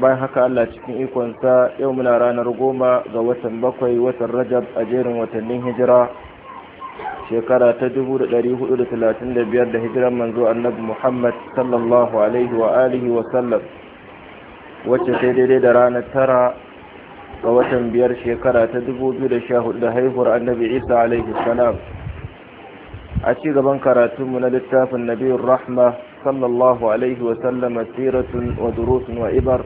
bayan haka Allah cikin ikonsa yau muna ranar goma ga watan bakwai watan rajab a jerin watannin hijira shekara ta 435 da hijiran manzo annabi Muhammad sallallahu alaihi wa alihi wa sallam wacce sai daidai da ranar tara ga watan biyar shekara ta 2014 da haihuwar annabi Isa alaihi salam a ci gaban mu na littafin nabiyur rahma sallallahu alaihi wa sallama siratun wa durusun wa ibar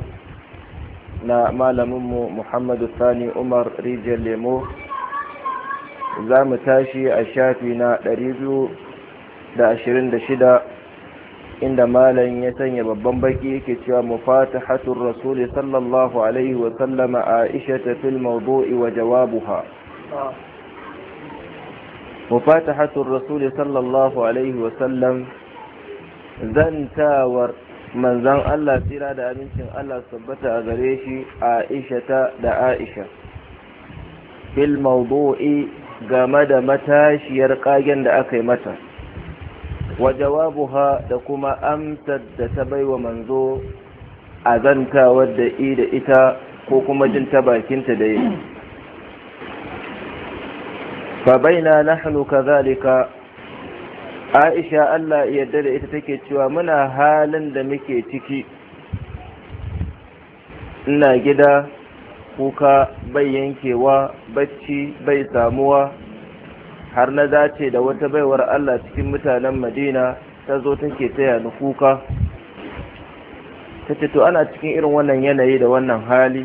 na malaminmu muhammadu sani umar rijiyar lemo za mu tashi a shafi na 226 inda malam ya sanya babban baki yake cewa hatun rasuli sallallahu alaihi wa a aisha fil mawdu'i wa jawabuha hatun rasuli sallallahu alaihi wa sallam zantawar manzan Allah tsira da amincin Allah tabbata a gare shi Aisha ta da Aisha fil mawdu'i game da matashiyar kagen da aka yi mata wa jawabuha da kuma amsar da ta baiwa manzo a da i da ita ko kuma jin ta bakinta da yi fa baina nahnu kadhalika aisha allah yarda da ita take cewa muna halin da muke ciki ina gida kuka bai yankewa bacci bai samuwa har na dace da wata baiwar allah cikin mutanen madina ta zo take taya ni kuka ta to ana cikin irin wannan yanayi da wannan hali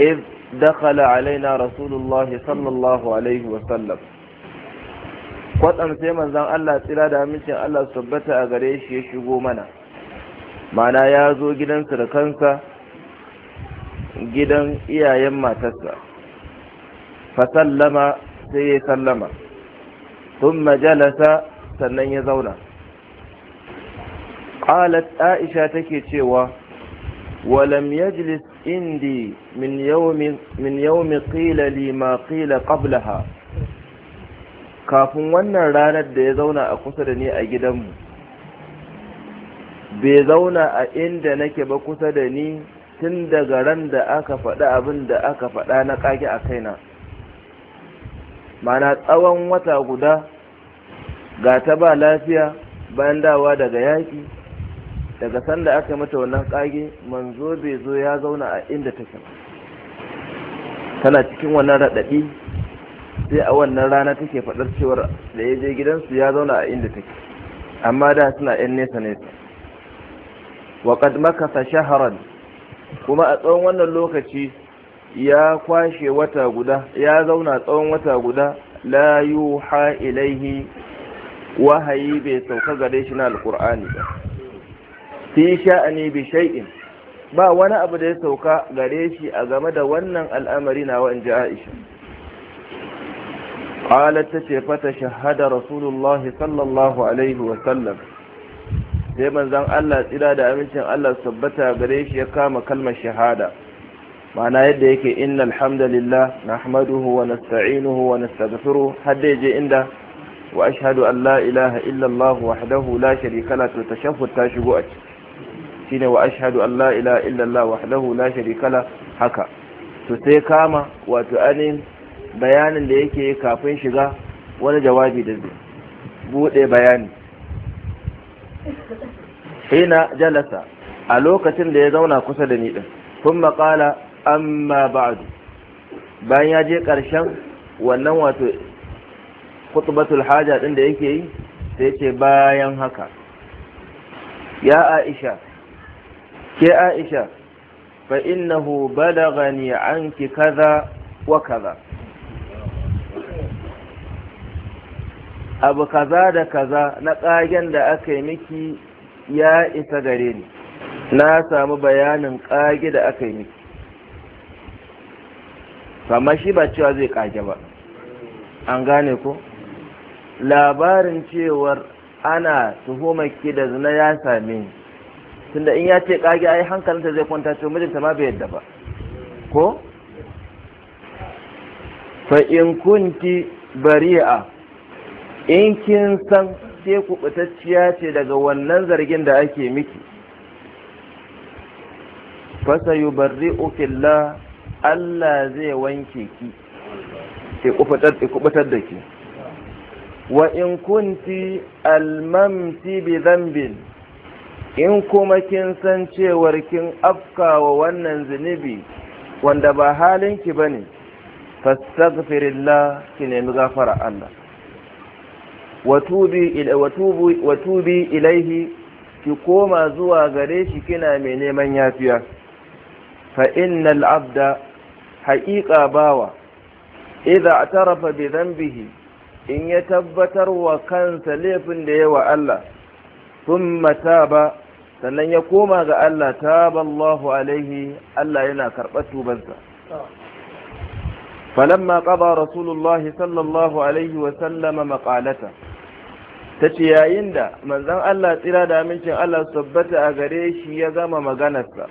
iz dakhala alaina rasulullahi sallallahu alaihi wasallam kwatsam sai manzon Allah tsira da amincin Allah su tabbata a gare shi ya shigo mana mana ya zo gidansa da kansa gidan iyayen matarsa sallama sai ya sallama sun majalasa sannan ya zauna qalat aisha take cewa walam yajlis indi min yawmi min yawmi qila li ma qila qablaha kafin wannan ranar da ya zauna a kusa da ni a gidanmu bai zauna a inda nake ba kusa da ni tun daga ran da aka faɗi abin da aka faɗa na ƙage a kaina mana tsawon wata guda ga ta ba lafiya bayan dawa daga yaƙi daga sanda aka mata wannan ƙage manzo bai zo ya zauna a inda take tana cikin wannan raɗaɗi sai a wannan rana take faɗar cewar da ya je gidansu ya zauna a inda take amma da suna yan nesa nesa wa qad makasa shahran kuma a tsawon wannan lokaci ya kwashe wata guda ya zauna tsawon wata guda la yuha ilaihi wahayi bai sauka gare shi na alqur'ani ba fi sha'ani bi shay'in ba wani abu da ya sauka gare shi a game da wannan al'amari na wa ja'isha Aisha قالت تشي فتشهد رسول الله صلى الله عليه وسلم sai manzon Allah tsira da amincin Allah sabbata gare shi ya kama kalmar shahada ma'ana yadda yake alhamdulillah na nahmaduhu wa nasta'inuhu wa nastaghfiruh hadda yaje inda wa ashhadu an la ilaha illa Allah wahdahu la sharika la to tashaffut ta shigo a shine wa ashhadu an la ilaha illa Allah wahdahu la sharika la haka to sai kama wato anin bayanin da yake kafin shiga wani jawabi da zai buɗe bayani hina jalasa a lokacin da ya zauna kusa da ni ɗin kun maƙala amma ba'adu bayan ya je ƙarshen wannan wato kutubatul haja ɗin da yake yi sai ce bayan haka ya aisha ke aisha fa innahu balagani anki kaza wa kaza abu kaza da kaza na ƙagen da aka yi miki ya isa gare ni na samu bayanin ƙage da aka yi miki kamar shi ba cewa zai ƙage ba an gane ko labarin cewar ana tuhumarki da zina ya same ni tunda in ya ce ƙage ai hankalinta zai kwanta cewa mijinta ma bai yadda ba ko fa in kunti bari'a in kin san ke kubutacciya ce daga wannan zargin da ake miki fasa yubarri ukilla Allah zai wanke ki ke kubutar da ki wa in kunti almamti bi zambin in kuma kin san cewar kin afkawa wannan zunubi wanda ba halinki bane fastaghfirillah ki nemi gafara Allah wa tubi ilaihi ki koma zuwa gare shi kina mai neman yafiya fa innal abda haƙiƙa bawa idza tarafa bi bihi in ya tabbatar wa kansa laifin da yawa Allah thumma ba sannan ya koma ga Allah taba alaihi Allah yana karɓar tubansa ah. falamma qada rasulullahi sallallahu alaihi wa sallama maqalata tace yayin da manzon Allah tsira da amincin Allah tabbata a gare shi ya gama maganarsa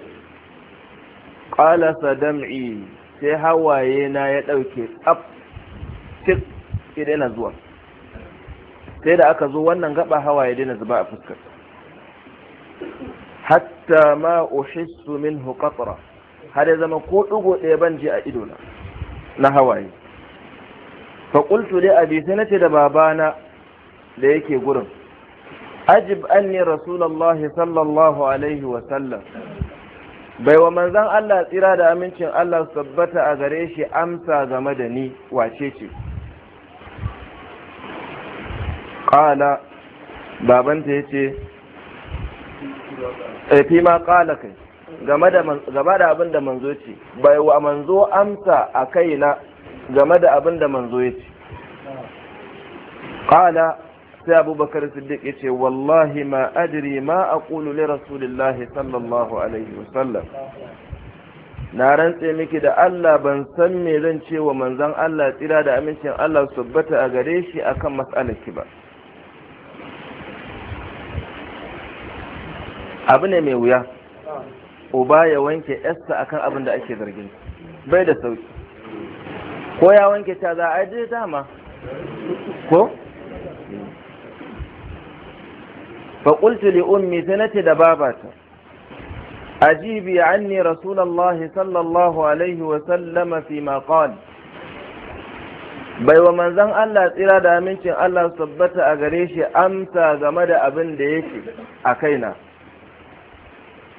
qala sadam'i sai hawaye na ya ɗauke tsaf tik sai daina zuwa sai da aka zo wannan gaba ya daina zuba a fuskar Hata ma uhissu minhu qatra har ya zama ko dugo ɗaya ban je a idona na hawaye fa qultu li abi sai nace da babana da yake gurin ajib anni rasulullahi sallallahu alaihi wa sallam bai wa manzan Allah tsira da amincin Allah su tabbata a gare shi amsa game da ni wace ce qala babanta ya ce eh, fi ma qala kai game da abin da manzo ce bai wa manzo amsa a kaina game da abin da manzo ya ce qala sai abubakar siddiq ya ce wallahi ma adri ma aqulu li rasulillahi sallallahu alaihi wasallam na rantse miki da Allah ban san me zan ce wa manzon Allah tsira da amincin Allah subbata a gare shi akan matsalaki ba abu ne mai wuya uba ya wanke yasta akan abin da ake zargin bai da sauki ko ya wanke ta za a je dama ko fa qultu li ummi sanati da babata ajibi anni rasulullahi sallallahu alaihi wa sallama fi ma qala bai wa manzan Allah tsira da amincin Allah su tabbata a gare shi amsa game da abin da yake a kaina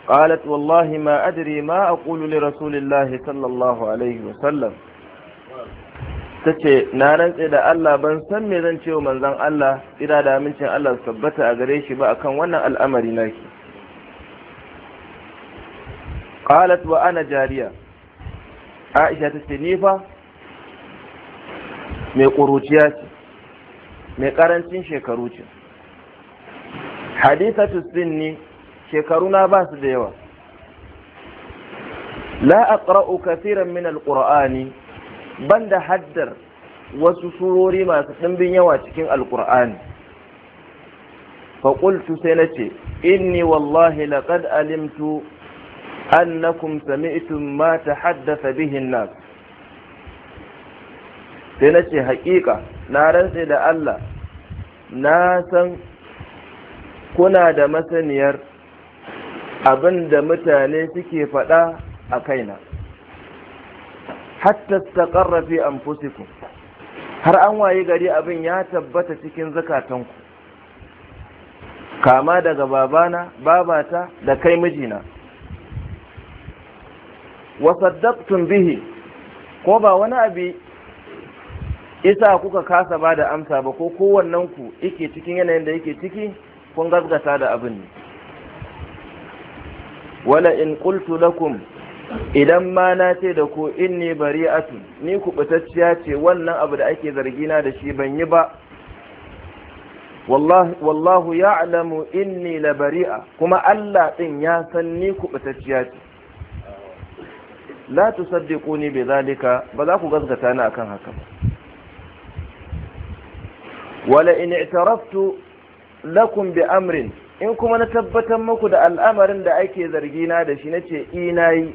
قالت wallahi ما ma a أقول لرسول الله صلى الله عليه وسلم tace na rantse da Allah ban san me zan ce wa manzon Allah ira da amincin Allah su tabbata a gare shi ba akan wannan al'amarinaki. naki qalat wa ana jariya Aisha tace ni fa mai ƙuruciya ce mai ƙarancin shekaru ce hadithatu sinni shekaruna ba su da yawa la aqra'u kathiran min ban da haddar wasu surori masu ɗimbin yawa cikin alqur'ani faƙultu qultu sai nace inni wallahi laqad alimtu annakum sami'tum ma ta haddasa bihin nas sai nace haƙiƙa na rantse da Allah na san kuna da masaniyar abin da mutane suke faɗa a kaina hatta ta ƙarrafe an har an waye gari abin ya tabbata cikin zakatanku kama daga babana babata da kai mijina wasaddaqtum bihi ko ba wani abi isa kuka kasa ba da amsa ba ko kowannen ku yake cikin yanayin da yake ciki kun gaskata da abin ne wala in qultu lakum idan ma na ce da ku inni bari'atu ni kubutacciya ce wannan abu da ake zargina da shi ban yi ba wallahu ya'lamu inni la bari'a kuma Allah din ya san ni kubutacciya ce la tusaddiquni bi zalika ba za ku gaskata ni akan haka wala in i'taraftu lakum bi amrin in kuma na tabbatar muku da al'amarin da ake na da shi na ce ina yi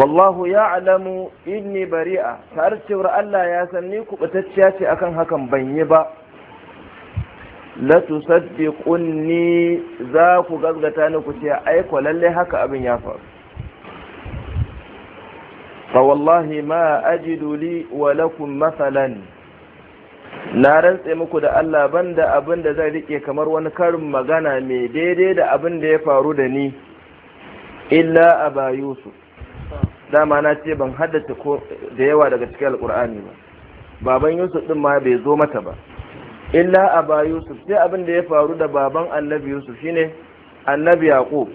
wallahu ya alamu inni bari'a tare cewar Allah ya san ni kuɓutacciya ce akan hakan ban yi ba la tusaddiqunni za ku gazgata ni ku ce ai ko lalle haka abin ya faru fa wallahi ma ajidu li wa lakum mathalan na rantse muku da Allah banda abin da zai rike kamar wani karin magana mai daidai da abin da ya faru da ni illa aba yusuf dama na ce ban haddace ko da yawa daga cikin alkur'ani ba baban yusuf din ma bai zo mata ba illa aba yusuf sai abin da ya faru da baban annabi yusuf shine annabi yaqub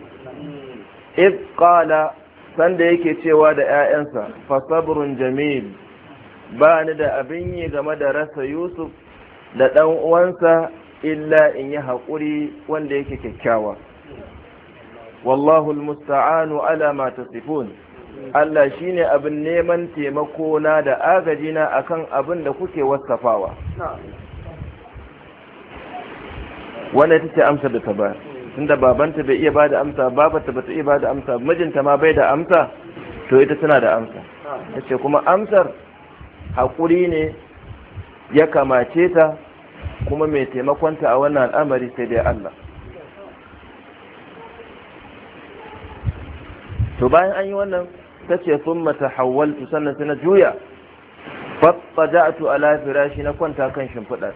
iz qala sanda yake cewa da 'ya'yansa fasabrun jamil ba ni da abin yi game da rasa yusuf da ɗan uwansa illa in yi haƙuri wanda yake kyakkyawa wallahu musta'anu ala ma tasifun Allah shine abin neman taimako na da agaji na akan abin da kuke wasafawa wanda ita ce amsa da ta ba tunda babanta bai iya bada amsa babata bata iya bada amsa mijinta ma bai da amsa to ita tana da amsa tace kuma amsar haƙuri ne ya kamace ta kuma mai taimakonta a wannan al'amari sai dai Allah to bayan an yi wannan ta ce sun mata hawaltu sannan sai na juya faɓa da'atu ala firashi na kwanta kan shimfiɗa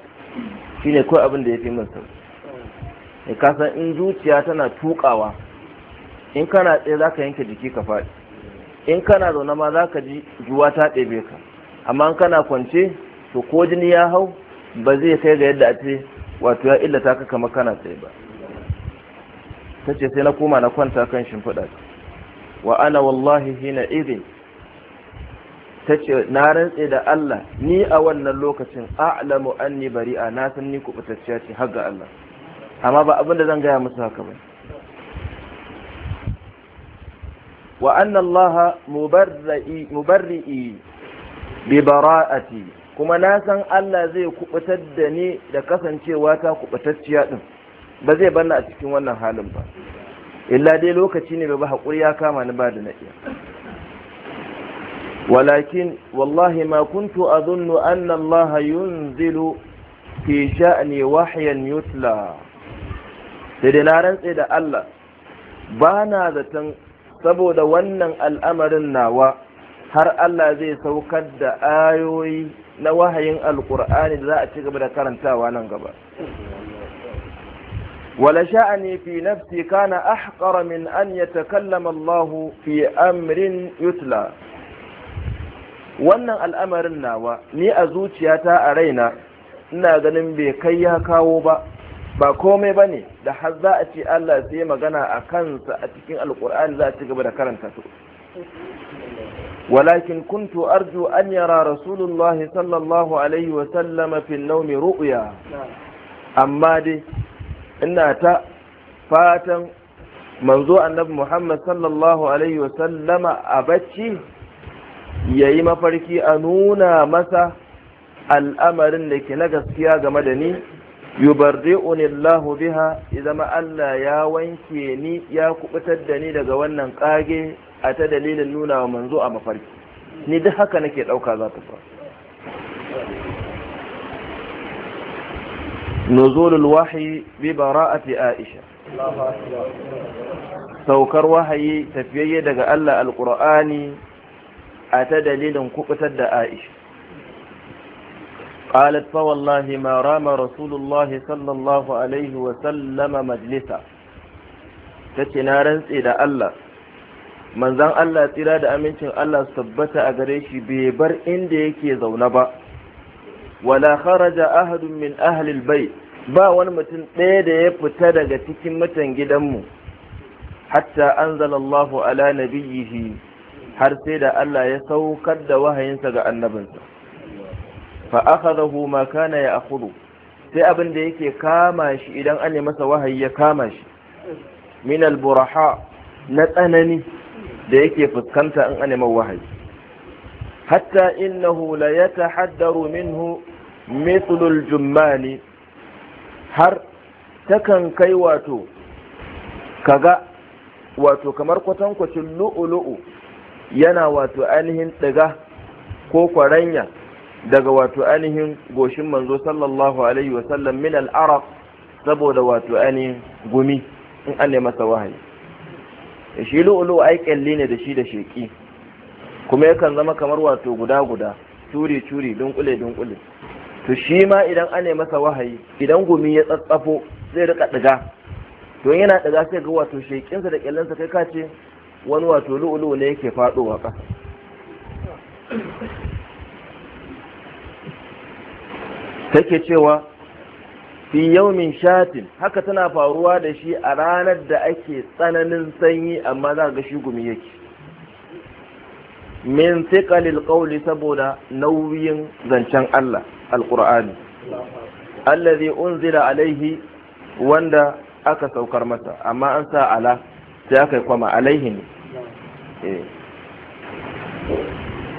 shi ne kawai abin da ya fi min sau in zuciya tana tukawa in kana tsaye za yanke jiki ka faɗi in kana zaune ma zaka ji juwa ta ɗebe ka amma kana kwance to ko jini ya hau ba zai kai ga yadda a ce wato ya illata ka kamar kana sai ba ta ce sai na koma na kwanta kan shimfiɗa wa ana wallahi hina irin ta ce na rantse da Allah ni a wannan lokacin a'lamu anni bari'a na san ni kubutacciya ce har ga Allah amma ba abin da zan gaya musu haka ba wa anna Allah mubarri'i bi bara'ati kuma na san Allah zai kubutar da ni da kasancewa ta kubutacciya din ba zai banna a cikin wannan halin ba illa dai lokaci ne ba hakuri ya kama ni ba da na iya walakin wallahi ma kuntu azunnu anna Allah yunzilu fi sha'ni wahyan yutla sai dai na rantse da Allah Bana na zaton saboda wannan al'amarin nawa har Allah zai saukar da ayoyi na wahayin alkur'ani da za a ci gaba da karantawa nan gaba wala sha'ani fi nafsi kana ahqara min an yatakallama Allah fi amrin yutla wannan al'amarin nawa ni a zuciyata a raina ina ganin bai kai ya kawo ba ba komai ba ne da har za a ce Allah sai magana a kansa a cikin alkur'ani za a ci gaba da karanta su ولكن كنت أرجو أن يرى رسول الله صلى الله عليه وسلم في النوم رؤيا أما دي إن أتى فاتا منذ النبي محمد صلى الله عليه وسلم أبتشي mafarki a nuna masa al'amarin da ke na gaskiya game da ni yubarri'uni Allahu biha idan Allah ya wanke ni ya kubutar da ni daga wannan ƙage. a ta dalilin nuna wa manzo a mafarki ni duk haka nake ɗauka za ta faru nuzulul wahyi bi bara'ati aisha saukar wahayi tafiyayye daga Allah alqur'ani a ta dalilin kubutar da aisha قالت فوالله ما رام رسول الله صلى الله عليه وسلم مجلسا تتنا رنسي da Allah. manzan Allah tsira da amincin Allah tabbata a gare shi bai bar inda yake zaune ba wala kharaja ahadun min ahli bai ba wani mutum ɗaya da ya fita daga cikin mutan gidanmu hatta anzalallahu ala nabiyhi har sai da Allah ya saukar da wahayinsa ga annabinsa fa akhadahu ma kana ya'khudhu sai abin da yake kama shi idan an yi masa wahayi ya kama shi min alburaha na tsanani da yake fuskanta in an wahayi hatta innahu la yatahaddaru minhu mithlul jummani har takan kai wato kaga wato kamar kwatankwacin lu'ulu'u yana wato ainihin ɗiga ko kwaranya daga wato ainihin goshin manzo sallallahu alaihi wasallam min al'arab saboda wato ainihin gumi in an masa wahayi da shi lu'ulu ai kyalle ne da shi da sheki kuma yakan zama kamar wato guda guda curi curi dunkule dunkule to shi ma idan an masa wahayi idan gumi ya tsatsafo zai rika diga to yana diga sai ga wato shekin sa da sa kai kace wani wato lu'ulu ne yake wa ka take cewa fi yaumin shatin haka tana faruwa da shi a ranar da ake tsananin sanyi amma za ga shi gumi yake min thiqalil qawli saboda nauyin zancen Allah alqur'ani allazi unzila alaihi wanda aka saukar masa amma an sa ala sai aka yi kwama alaihi ne eh.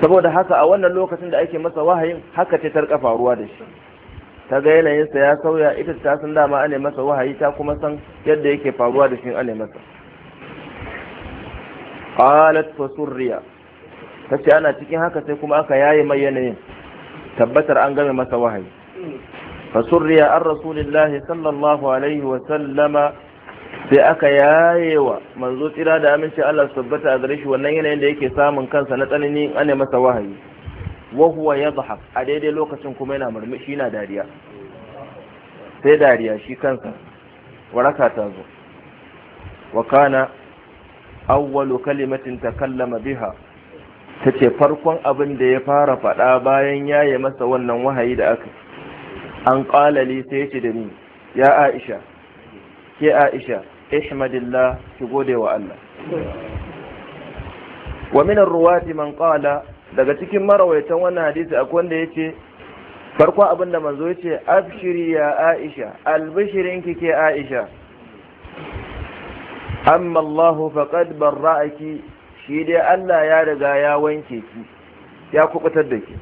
saboda haka a wannan lokacin da ake masa wahayin haka ce tarka faruwa da shi ta ga yanayinsa ya sauya ita ta san dama ane masa wahayi ta kuma san yadda yake faruwa da shi ane masa qalat ta tace ana cikin haka sai kuma aka yaye mai yanayin tabbatar an game masa wahayi surriya an rasulillahi sallallahu alaihi wa sallama sai aka yayewa manzo tsira da aminci Allah subhanahu tabbata a gare shi wannan yanayin da yake samun kansa na tsanani an ane masa wahayi wa huwa yadhhak a daidai lokacin kuma yana murmushi na dariya sai dariya shi kansa waraka ta zo wa kana awwalu kalimatin takallama biha tace farkon abin da ya fara faɗa bayan yaye masa wannan wahayi da aka an qala sai ce da ni ya Aisha ke Aisha ihmadillah ki gode wa Allah wa min ar-ruwati man qala daga cikin marawaitan wannan hadisi akwai wanda ya ce farko abinda manzo ya ce abshiri ya aisha ki ke aisha amma allahu faqad barra'aki shi dai allah ya riga ya wanke ki ya kubutar da ki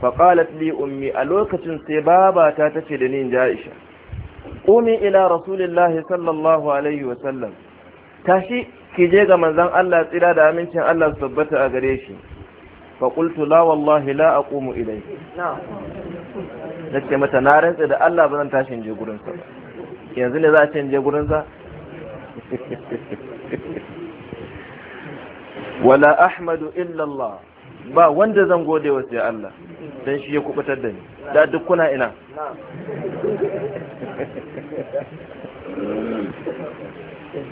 faqalat li ummi a lokacin sai babata tace da ni aisha qumi ila rasulillahi sallallahu alaihi wa sallam tashi ki je ga manzon Allah tsira da amincin Allah su tabbata a gare shi فقلت لا والله لا أقوم إليه nace mata na rantsa da Allah ba zan tashi in je gurin sa yanzu ne za a ce gurin sa wala ahmadu illa Allah ba wanda zan gode wa sai Allah dan shi ya kubutar da ni da duk kuna ina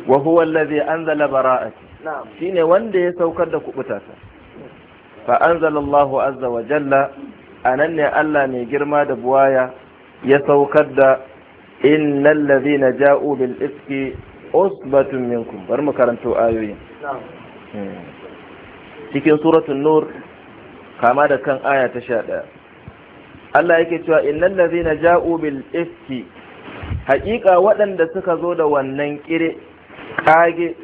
wa huwa allazi anzala bara'ati shine wanda ya saukar da kubutata fa anzalallahu azza wa jalla anan ne Allah mai girma da buwaya ya saukar da innal ladhina ja'u bil ifki usbatun minkum bar mu karanto ayoyin hmm. cikin suratul nur kama da kan aya ta 11 Allah yake cewa innal ladhina ja'u bil ifki haƙiƙa waɗanda suka zo da wannan kire kage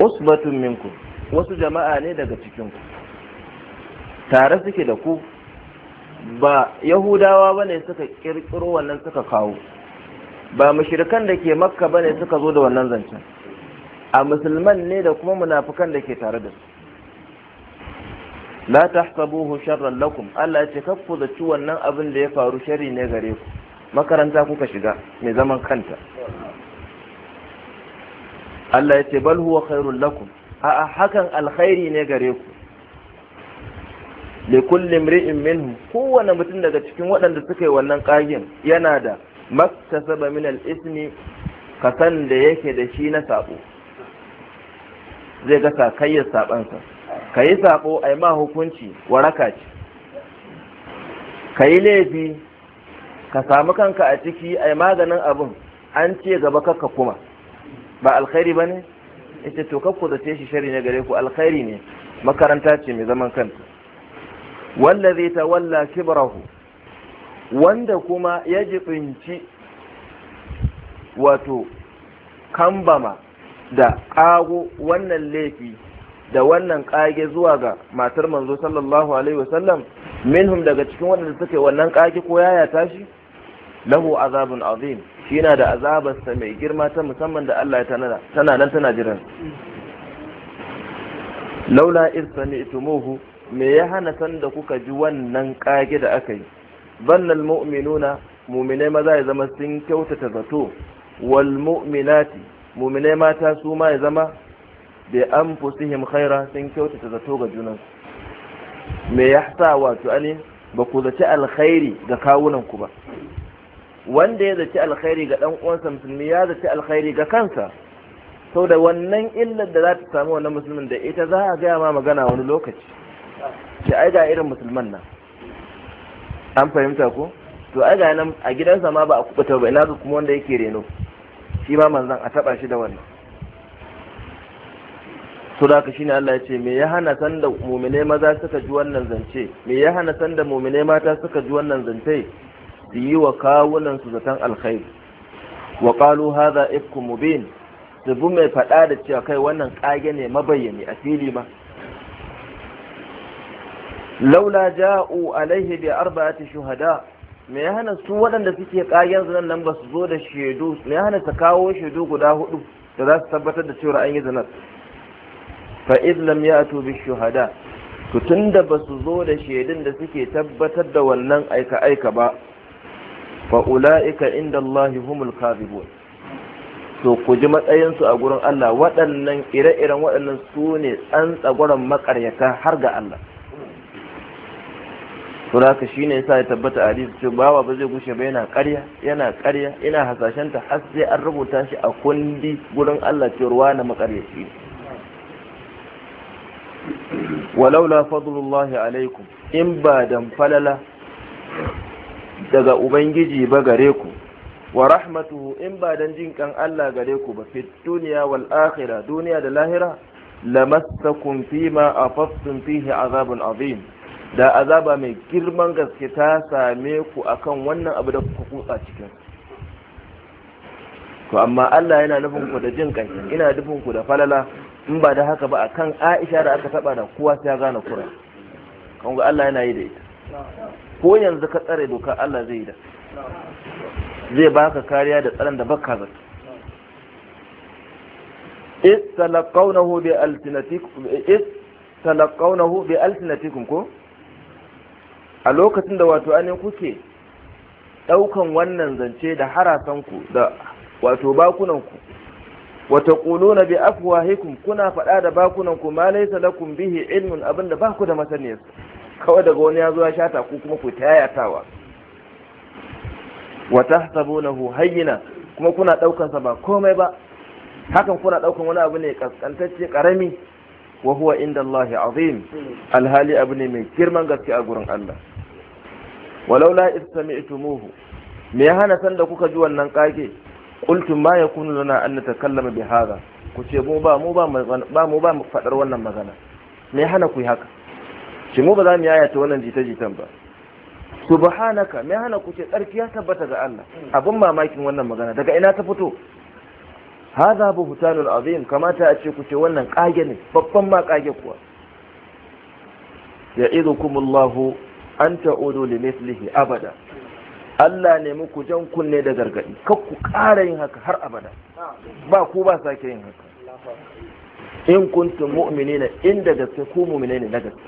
usbatun minkum wasu jama'a ne daga cikinku tare suke da ku ba yahudawa ba ne suka kirkiro wannan suka kawo ba mashirikan da ke makka ba ne suka zo da wannan zancen a musulman ne da kuma munafukan da ke tare da su la tahsabuhu sharran lakum Allah ce kakku da ci wannan abin da ya faru shari ne gare ku makaranta kuka shiga mai zaman kanta Allah ya ce bal huwa khairul lakum a'a hakan alkhairi ne gare ku li kulli imri'in minhum kowane mutum daga cikin waɗanda suka yi wannan ƙagin yana da maktasaba min al-ismi kasan da yake da shi na sabo zai ga sakayyar sabansa kayi sabo ai ma hukunci waraka ce kayi laifi ka samu kanka a ciki ai maganin abun. an ce gaba kakka kuma ba alkhairi bane ita to kakku da ce shi shari ne gare ku alkhairi ne makaranta ce mai zaman kanta ta tawalla kibrahu wanda kuma ya jibinci wato kambama da ƙago wannan laifi da wannan ƙage zuwa ga matar manzo sallallahu alaihi wasallam minhum daga cikin waɗanda suke wannan ƙage ko yaya tashi lahu azabun azim shi yana da azabarsa mai girma ta musamman da Allah ya tanada tana nan tana jiran laula iz me ya hana san da kuka ji wannan kage da aka yi bannal mu'minuna mu'minai za ya zama sun kyautata zato wal mu'minati mu'minai mata su ma ya zama bi anfusihim khaira sun kyautata zato ga junansu me ya sa wato ani ba ku zaci alkhairi ga kawunan ku ba wanda ya zaci alkhairi ga dan uwansa musulmi ya zaci alkhairi ga kansa sau da wannan illar da za ta samu wannan musulmin da ita za a gaya ma magana wani lokaci ce ai ga irin musulman nan an fahimta ko to ai ga nan a gidansa ma ba a kubuta ba ina ga kuma wanda yake reno shi ma manzon a taba shi da wannan to da ka shine Allah ya ce me ya hana sanda mu'mine maza suka ji wannan zance me ya hana sanda mu'mine mata suka ji wannan zance su yi wa kawunan su zaton alkhairi wa qalu hadha ifkum mubin su mai fada da cewa kai wannan kage ne mabayyani a fili ma laula ja'u alaihi bi arba'ati shuhada me ya hana su waɗanda suke ƙagen zanen nan ba su zo da shaidu me ya hana ta kawo shaidu guda hudu da za su tabbatar da cewa an yi zanen fa lam ya'tu bi shuhada to tunda ba su zo da shaidun da suke tabbatar da wannan aika aika ba fa ula'ika inda Allah humul kadhibun to ku ji matsayin su a gurin Allah waɗannan ire-iren waɗannan su ne an maƙaryata makaryata har ga Allah to shine yasa ya tabbata hadisi cewa bawa ba zai gushe ba yana karya yana ƙarya ina hasashen ta har sai an rubuta shi a kundi gurin Allah ce ruwa na walau walaula fadlullahi alaikum in ba dan falala daga ubangiji ba gare ku wa rahmatuhu in ba dan jin kan Allah gare ku ba fi duniya wal akhirah duniya da lahira lamastakum fima afaftum fihi azabun azim da azaba mai girman gaske ta same ku akan wannan abu da kuka kutsa cikin to amma Allah yana nufin ku da jin kai ina nufin ku da falala in ba da haka ba akan Aisha da aka taba da kowa sai ya gane kura kan ga Allah yana yi da ita ko yanzu ka tsare doka Allah zai yi da zai baka kariya da tsaron da baka zata is talaqawnahu bi altinatikum is talaqawnahu bi ko a lokacin da wato ainihin kuke ɗaukan wannan zance da harasanku da wato bakunanku wata na bi afwahikum kuna faɗa da bakunanku ma laysa lakum bihi ilmun abinda ba ku da masaniyar kawai daga wani ya zo ya shata ku kuma ku ta yayatawa wa tahsabunahu hayyina kuma kuna ɗaukansa ba komai ba hakan kuna ɗaukar wani abu ne kaskantacce karami wa huwa inda Allah azim alhali abu ne mai girman gaske a gurin Allah walau la istami'tumuhu me ya hana san da kuka ji wannan kage qultu ma yakunu lana an natakallama bi hadha ku ce mu ba mu ba ba mu ba fadar wannan magana me ya hana ku haka ce mu ba za mu ta wannan jita jitan ba subhanaka me ya hana ku ce tsarki ya tabbata ga Allah abun mamakin wannan magana daga ina ta fito hadha buhtanul azim kamata a ce ku ce wannan kage ne babban ma kage kuwa Ya ya'idukumullahu an ta'udu li mithlihi abada Allah ne muku jan kunne da gargadi kar ku ƙara yin haka har abada ba ku ba sake yin haka in kuntum mu'minina inda gaske ku mu'mine ne na gaske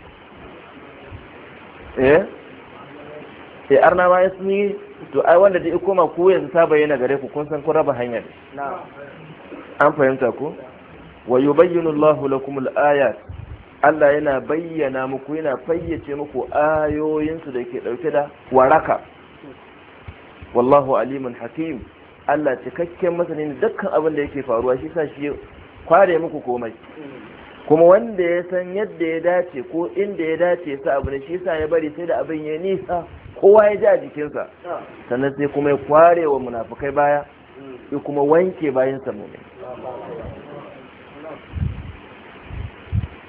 eh eh arna ma yasmi to ai wanda da ya koma ku yanzu ta bayyana gare ku kun san ku raba hanya ne an fahimta ko wa yubayyinu Allahu lakum al-ayat Allah yana bayyana muku yana fayyace muku ayoyinsu da ke dauke da waraka wallahu alimun hakim Allah cikakken masanin dukkan abin da yake faruwa shi sa shi kware muku komai kuma wanda ya san yadda ya dace ko inda ya dace sa abu ne shi sa ya bari sai da abin ya nisa kowa ya ji a jikinsa sannan sai kuma ya kware wa munafukai baya ya kuma wanke bayan sa mu'min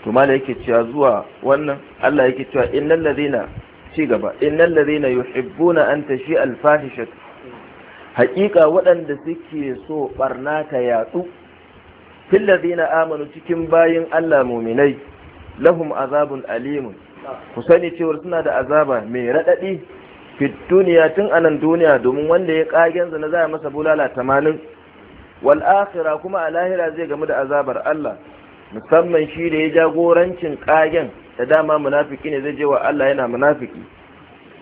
to mala yake cewa zuwa wannan Allah yake cewa innal ladina ci gaba innal ladina yuhibbuna an tashi al fahishat haqiqa waɗanda suke so barna ta yadu fil ladina amanu cikin bayin Allah mu'minai lahum azabun alim ku sani cewa suna da azaba mai radadi fit duniya tun anan duniya domin wanda ya kagen zana za a masa bulala 80 wal kuma a lahira zai gamu da azabar Allah musamman shi da ya jagorancin kagen da dama munafiki ne zai je wa Allah yana munafiki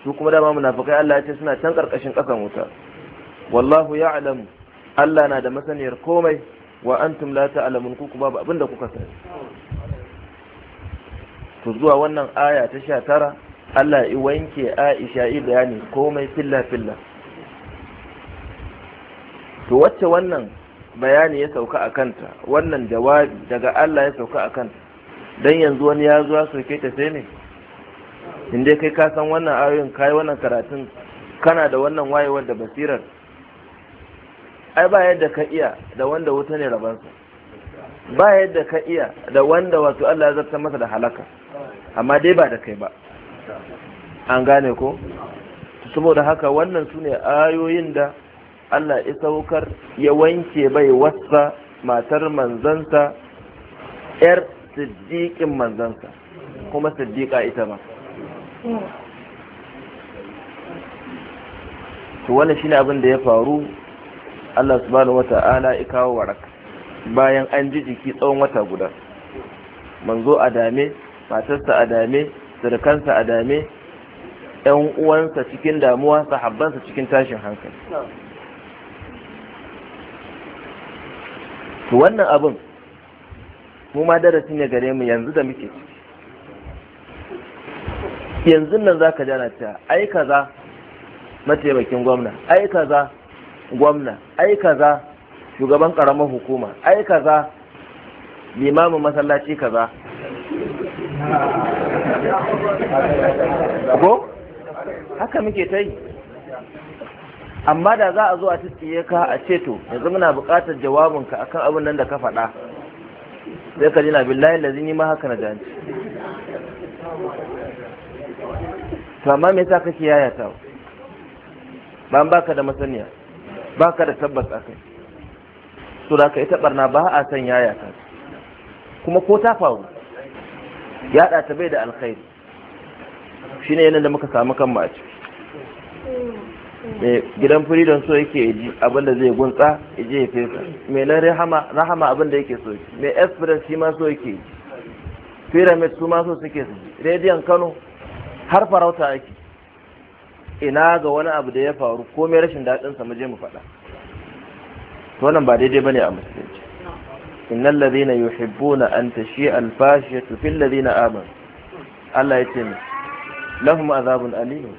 su kuma dama munafikai Allah ya ce suna can karkashin kasan wuta wallahu yalam Allah na da masaniyar komai wa antum la ta'lamun ku babu abin da kuka sani to zuwa wannan aya ta sha 19 Allah ya wanke Aisha yi bayani komai filla filla to wacce wannan bayani ya sauka a kanta wannan jawabi daga Allah ya sauka a kanta don yanzu wani ya zuwa sauke ta sai ne inda kai ka san wannan ayoyin kai wannan karatun kana da wannan wayewar da basirar ai ba yadda ka iya da wanda wuta ne rabansa ba yadda ka iya da wanda wasu Allah ya zarta masa da halaka amma dai ba da kai ba an gane ko saboda haka wannan su ne ayoyin da Allah ya saukar ya wanke bai wasa matar manzansa ‘yar siddiƙin manzansa kuma siddiƙa ita ma. To wannan shine abin da ya faru Allah subhanahu wata'ala ya kawo waraka bayan an ji jiki tsawon wata guda. Manzo a dame, matarsa a dame, sirkansa a dame, ‘yan uwansa cikin damuwa, sahabbansa cikin tashin hankali. to wannan abin mu ma darasi ne gare mu yanzu da muke yanzu nan za ka jana cewa ai kaza mataimakin gwamna ai kaza gwamna ai kaza shugaban karamar hukuma ai kaza limamin masallaci kaza ko haka muke ta yi amma da za a zo a tiskiye ka a ce to yanzu muna buƙatar jawabinka akan abin nan da ka faɗa sai ka jina billahi lazi ni ma haka na ganci to amma me yasa kake yaya ta an baka da masaniya baka da tabbas akai to da ka ita barna ba a san yaya ta kuma ko ta faru yaɗa ta bai da alkhairi shine yanayin da muka samu kanmu a ciki mai gidan freedom so yake ji abin da zai gunsa ya je ya fesa mai na rahama abin da yake so mai express shi ma so yake pyramid su ma so suke su rediyon kano har farauta ake ina ga wani abu da ya faru ko mai rashin daɗin sa je mu faɗa wannan ba daidai bane a musulunci innal ladhina yuhibbuna an tashi al fashiyatu fil ladhina amanu Allah ya ce lahum azabun alim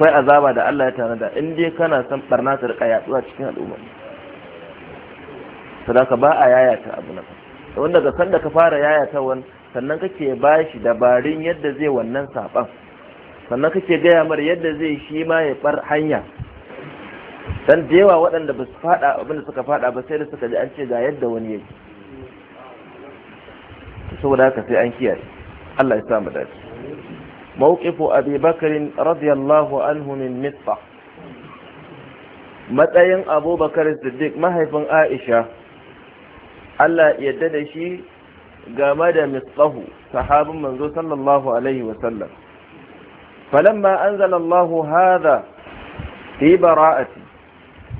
akwai azaba da Allah ya tanada in dai kana son barna ta rika a cikin al'umma sadaka ba a yayata abu na wanda ga sanda ka fara ta wani sannan kake ba shi dabarun yadda zai wannan saban sannan kake gaya mara yadda zai shi ma ya bar hanya dan da yawa waɗanda ba su faɗa abin da suka faɗa ba sai da suka ji an ce ga yadda wani yake saboda haka sai an kiyaye Allah ya sa mu dace موقف أبي بكر رضي الله عنه من matsayin abubakar siddiq mahaifin aisha allah yadda da shi game da mitsahu sahabin manzo sallallahu alaihi wasallam falamma anzala hadha fi bara'ati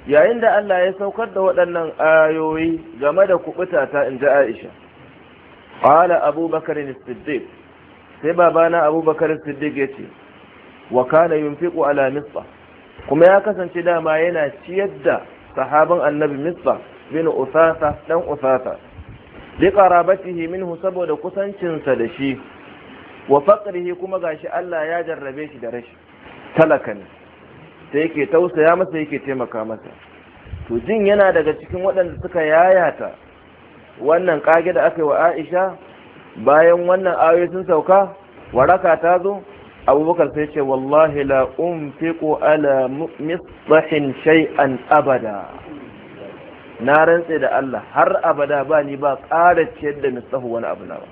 yayin da allah ya saukar da waɗannan ayoyi game da kuɓutata in ji aisha qala abubakar siddiq sai babana abubakar siddiq ya ce wa kana yunfiqu ala Misfa. kuma ya kasance dama yana ciyar da sahaban annabi misba bin usasa dan usasa li qarabatihi minhu saboda kusancinsa da shi wa faqrihi kuma gashi Allah ya jarrabe shi da rashi talaka ne sai yake tausaya masa yake taimaka masa to jin yana daga cikin waɗanda suka yayata wannan kage da aka yi wa Aisha bayan wannan ayoyi sun sauka waraka ta zo abubakar sai ce wallahi la unfiqu ala misbahin shay'an abada na rantse da Allah har abada ba ni ba ƙara ciyar da mistahu wani abu na ba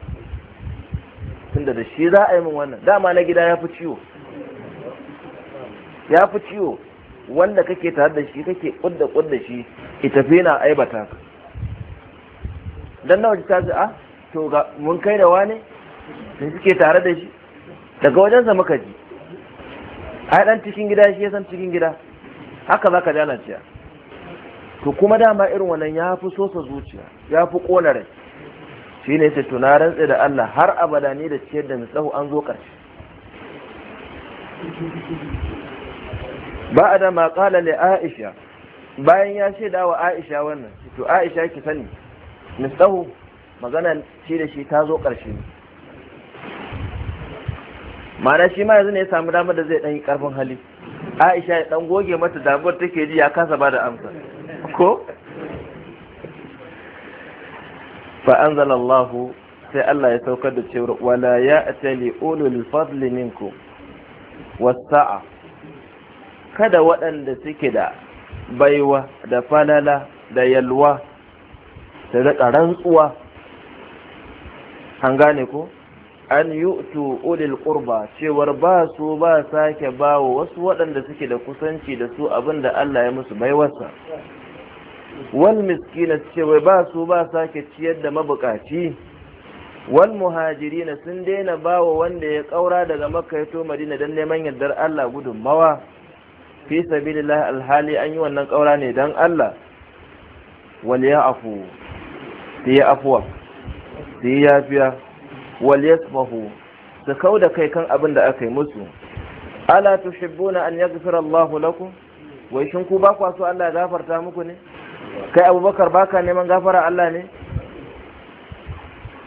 tunda da shi za a yi min wannan dama na gida ya fi ciwo ya fi ciwo wanda kake tare da shi kake kudda kudda shi ki tafi aibata ka dan nawa ta ji a ah? to ga mun kai da wane da suke tare da shi daga wajensa muka ji ai dan cikin gida shi ya san cikin gida haka zaka lafiya to kuma dama irin wannan ya fi sosa zuciya ya fi kona rai shi ne sai tuna rantse da Allah har abada ne da ciyar da tsahu an zo ƙarshe ba a ma kala Aisha bayan ya shaida wa Aisha wannan to Aisha ki sani mitsahu Maganar shi da shi ta zo ƙarshe Mana shi ma yanzu ne ya samu damar da zai ɗan yi ƙarfin hali aisha ya ɗan goge mata damuwar take ji ya kasa ba da amsa ko fa anzalallahu sai Allah ya saukar da cewar, wala ya atali ulul fadli minkum wasa'a kada waɗanda suke da baiwa da falala da yalwa da rantsuwa an gane ko an yu'tu ulil qurba cewar ba su ba sake bawo wasu waɗanda suke da kusanci da su abinda Allah ya musu baiwarsa wal miskina cewa ba su ba sake ciyar da mabukaci wal muhajirina sun daina bawa wanda ya kaura daga makka ya to madina dan neman yardar Allah gudunmawa fi sabilillah alhali an yi wannan kaura ne dan Allah wal ya afwa su yi yafiya wal yasmahu su kau da kai kan abin da aka yi musu ala tuhibbuna an yaghfira Allahu lakum wai shin ku ba ku so Allah ya gafarta muku ne kai Abubakar baka neman gafara Allah ne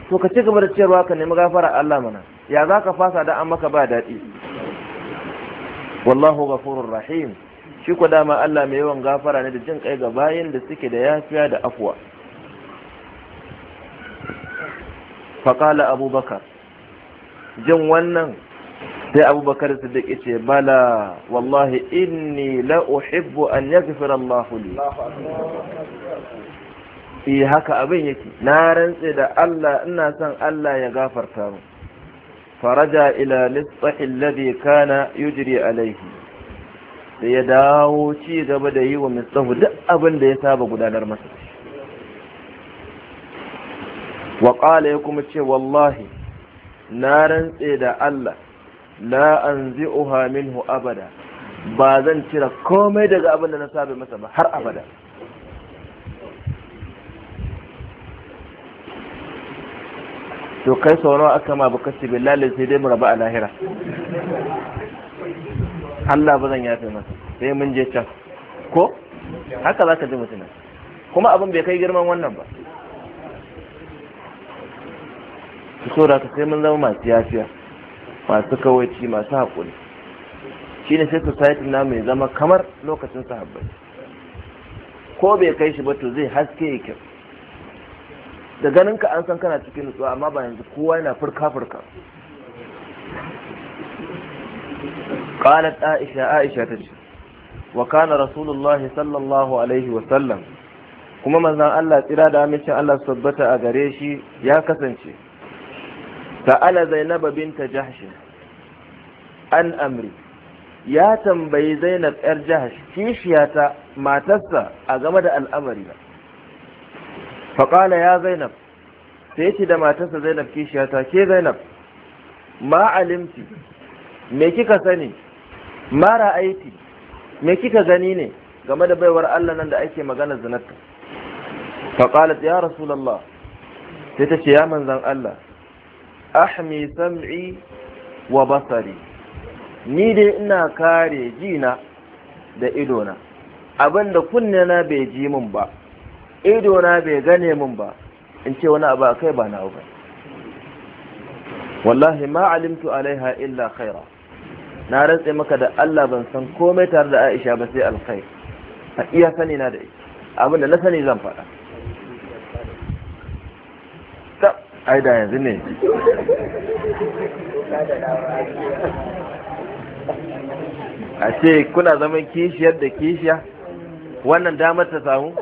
to ka ci gaba da cewa ka nemi gafara Allah mana ya za ka fasa da an maka ba daɗi wallahu ghafurur rahim shi ku dama Allah mai yawan gafara ne da jin kai ga bayin da suke da yafiya da afwa faƙala abubakar jin wannan sai abubakar siddiq ya ce bala wallahi inni la uhibbu an yaghfira Allah li eh haka abin yake na rantse da Allah ina son Allah ya gafarta mu faraja ila lisfahi alladhi kana yujri alayhi sai ya dawo ci gaba da yi wa mistahu duk abin da ya saba gudanar masa wa ya kuma ce wallahi na rantse da Allah la anzi'uha minhu abada ba zan cire komai daga abin da na sabe masa ba har abada to kai sauran aka ma baka ce billahi sai dai mu raba a lahira Allah ba zan yafe masa sai mun je can ko haka za ka ji mutum kuma abin bai kai girman wannan ba so da sai mun zama masu yafiya masu kawaici masu haƙuri shi ne sai society na mai zama kamar lokacin sahabbai ko bai kai shi ba to zai haske ya kyau da ganin ka an san kana cikin nutsuwa amma ba yanzu kowa yana furka furka قالت عائشة عائشة وكان رسول الله صلى الله عليه وسلم kuma manzon Allah tsira da amincin Allah su tabbata a gare shi ya kasance sa'ala zainaba binta jahsh an amri ya tambayi zainab yar jahsh kishiyata matarsa a game da al'amari faƙala ya zainab sai ce da matarsa zainab kishiyata ke zainab ma alimti me kika sani mara aiki me kika gani ne game da baiwar Allah nan da ake magana zinatta faƙalat ya rasulallah sai ta ce ya manzan Allah ahmi sam'i wa basari ni dai ina kare jina da idona abinda kunnena bai ji min ba idona bai gane min ba in ce wani abu akai ba na ba wallahi ma alimtu alaiha illa khaira na rantse maka da Allah ban san komai tare da Aisha ba sai alkhair a iya sani na da abinda na sani zan faɗa Aida yanzu ne a ce kuna zaman kishiyar da kishiya wannan damar ta samu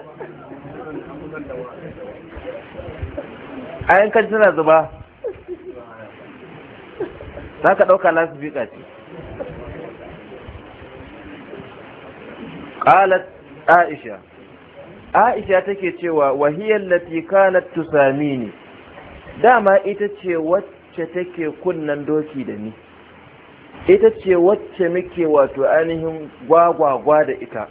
a kan tana zuba za ka ɗauka lasifika ce ƙalat aisha aisha take cewa wahiyar lati kanat tusamini dama ita ce wacce take kunnan doki da ni ita ce wacce muke wato ainihin gwagwagwa da ita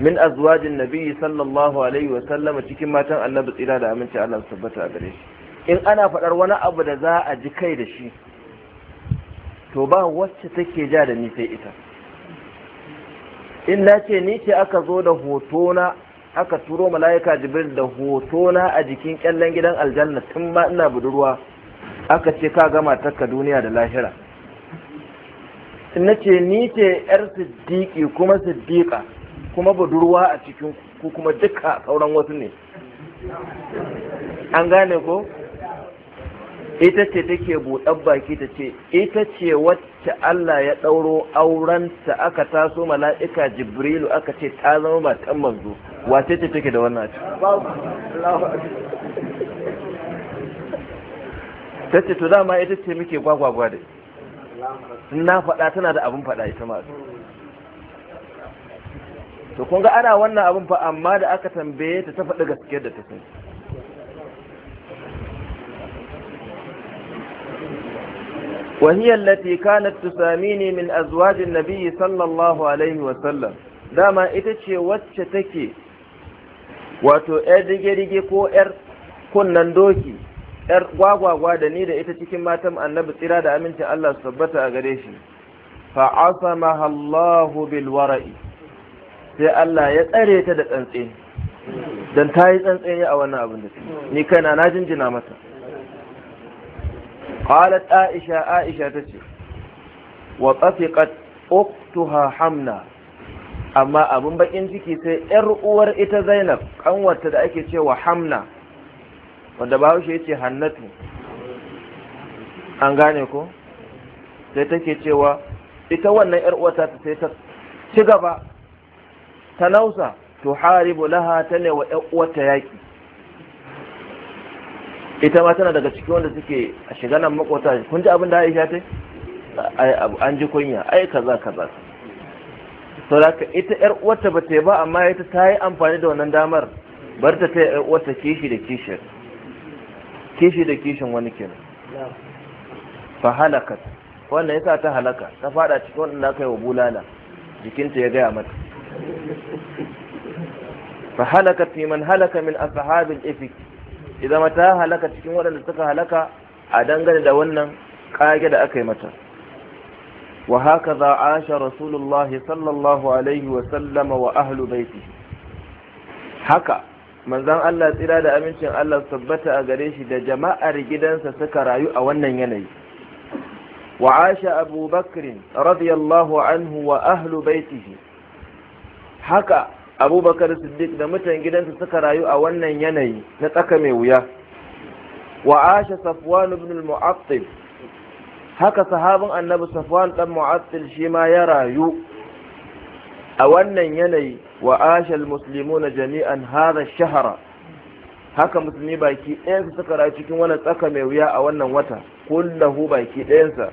min azwajin nabi sallallahu alaihi wasallam cikin matan annabi tsira da aminci Allah tabbata gare shi in ana faɗar wani abu da za a ji kai da shi to ba wacce take ja da ni sai ita in na ce ni ce aka zo da hotona aka turo mala'ika jibril da hotona a jikin kyallen gidan aljanna tun ma ina budurwa aka ce ka gama takka duniya da lahira nace ce ni ce yar siddiqi kuma siddiqa kuma budurwa a cikin ku kuma duka sauran wasu ne an gane ko ita ce take buɗar baki ta ce ita ce wacce Allah ya ɗauro aurenta aka taso mala'ika jibrilu aka ce ta zama matan manzo wace ce take da wannan ta ce to dama ita ce muke gwagwagwa da na faɗa tana da abin faɗa ita masu to kun ga ana wannan abin fa amma da aka tambaye ta ta faɗi gaskiyar da ta sani وهي التي كانت تساميني من أزواج النبي صلى الله عليه وسلم داما إتشي واتشتكي wato yar rige-rige ko yar kunnan doki yar gwagwagwa da ni da ita cikin matan annabi tsira da amincin Allah su tabbata a gare shi fa asama Allahu bil wara'i sai Allah ya tsare ta da tsantsi dan ta yi tsantsi a wannan abin da ni kaina na jinjina mata qalat aisha aisha tace wa tafiqat uktuha hamna amma abin bakin ciki sai yar uwar ita zainab kanwarta da ake cewa hamna wanda bahaushe ya ce hannatu an gane ko sai take cewa ita wannan yar uwata ta sai ta ci gaba ta nausa to haribu laha ta ne wa yar uwata yaki ita ma tana daga cikin wanda suke a shiga nan makota kun ji abin da Aisha ta ai an ji kunya ai kaza kaza sauraka ita yar uwarta ba ta ba amma ita ta yi amfani da wannan damar bar ta ta yar uwarta kishi da kishin kishi da kishin wani kenan fa halakat wannan yasa ta halaka ta fada cikin wannan aka yi wa bulala jikinta ya gaya mata fa halakat fi man halaka min ashabil ifk idan ta halaka cikin waɗanda suka halaka a dangane da wannan kage da aka yi mata وهكذا عاش رسول الله صلى الله عليه وسلم وأهل بيته haka manzan Allah tsira da amincin Allah tabbata a gare shi da jama'ar gidansa suka rayu a wannan yanayi wa asha abu bakrin radiyallahu anhu wa ahlu haka abubakar siddiq da mutan gidansa suka rayu a wannan yanayi na tsaka mai wuya wa asha safwan ibn haka sahabin annabi safwan dan mu'attil shi ma ya rayu a wannan yanayi wa ashal muslimuna jami'an hadha shahara haka musulmi baki ɗayansa suka rayu cikin wannan tsaka mai wuya a wannan wata kullahu baki ɗayansa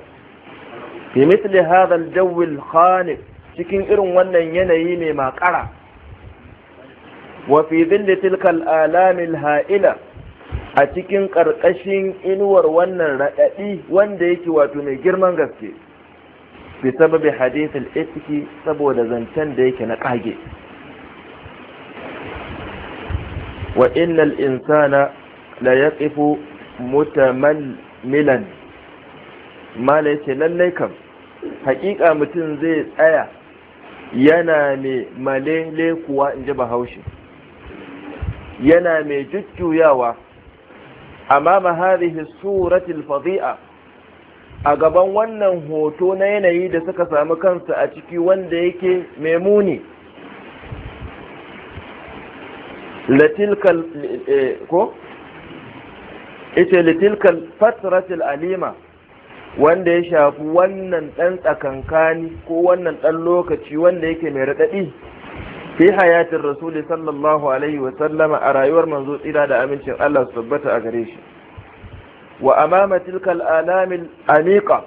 fi misli hadha al-jawi al-khanif cikin irin wannan yanayi mai makara wa fi dhilli tilka al al-ha'ila a cikin ƙarƙashin inuwar wannan raɗaɗi wanda yake wato mai girman gaske bi sababi hadithul itiki saboda zancen da yake na ƙage wa innal insana la yaqifu mutamallilan mala lallai kam haƙiƙa mutum zai tsaya yana mai malele kuwa in ji bahaushe yana mai jujjuyawa amama hadhihi surati al a gaban wannan hoto na yanayi da suka samu kansa a ciki wanda yake memuni, ko ita litilkal fatratil alima wanda ya shafi wannan ɗan tsakankani ko wannan ɗan lokaci wanda yake mai raɗaɗi fi hayatin rasuli sallallahu alaihi wa sallama a rayuwar manzo tsira da amincin Allah su tabbata a gare shi wa amama tilkal alamil amiqa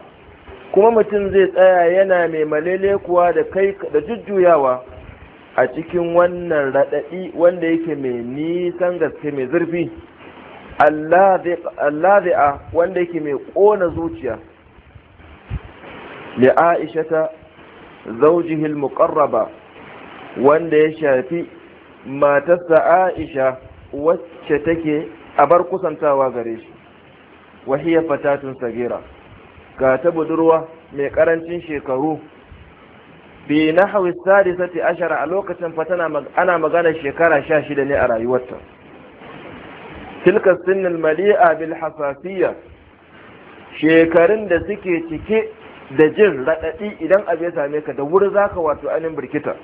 kuma mutum zai tsaya yana mai malele kuwa da kai da jujjuyawa a cikin wannan radadi wanda yake mai nisan gaske mai zurfi Allah alladhi'a wanda yake mai kona zuciya li aishata zawjihi al-muqarraba wanda ya shafi matarsa aisha wacce take a bar kusantawa gare shi wahiya fatatun sagira ga ta budurwa mai karancin shekaru bi na hawi sadisati ashara a lokacin fatana ana magana shekara sha shida ne a rayuwarta tilka sinin mali'a bil hasasiyya shekarun da suke cike da jin raɗaɗi idan abu ya same ka da wuri zaka wato anin birkita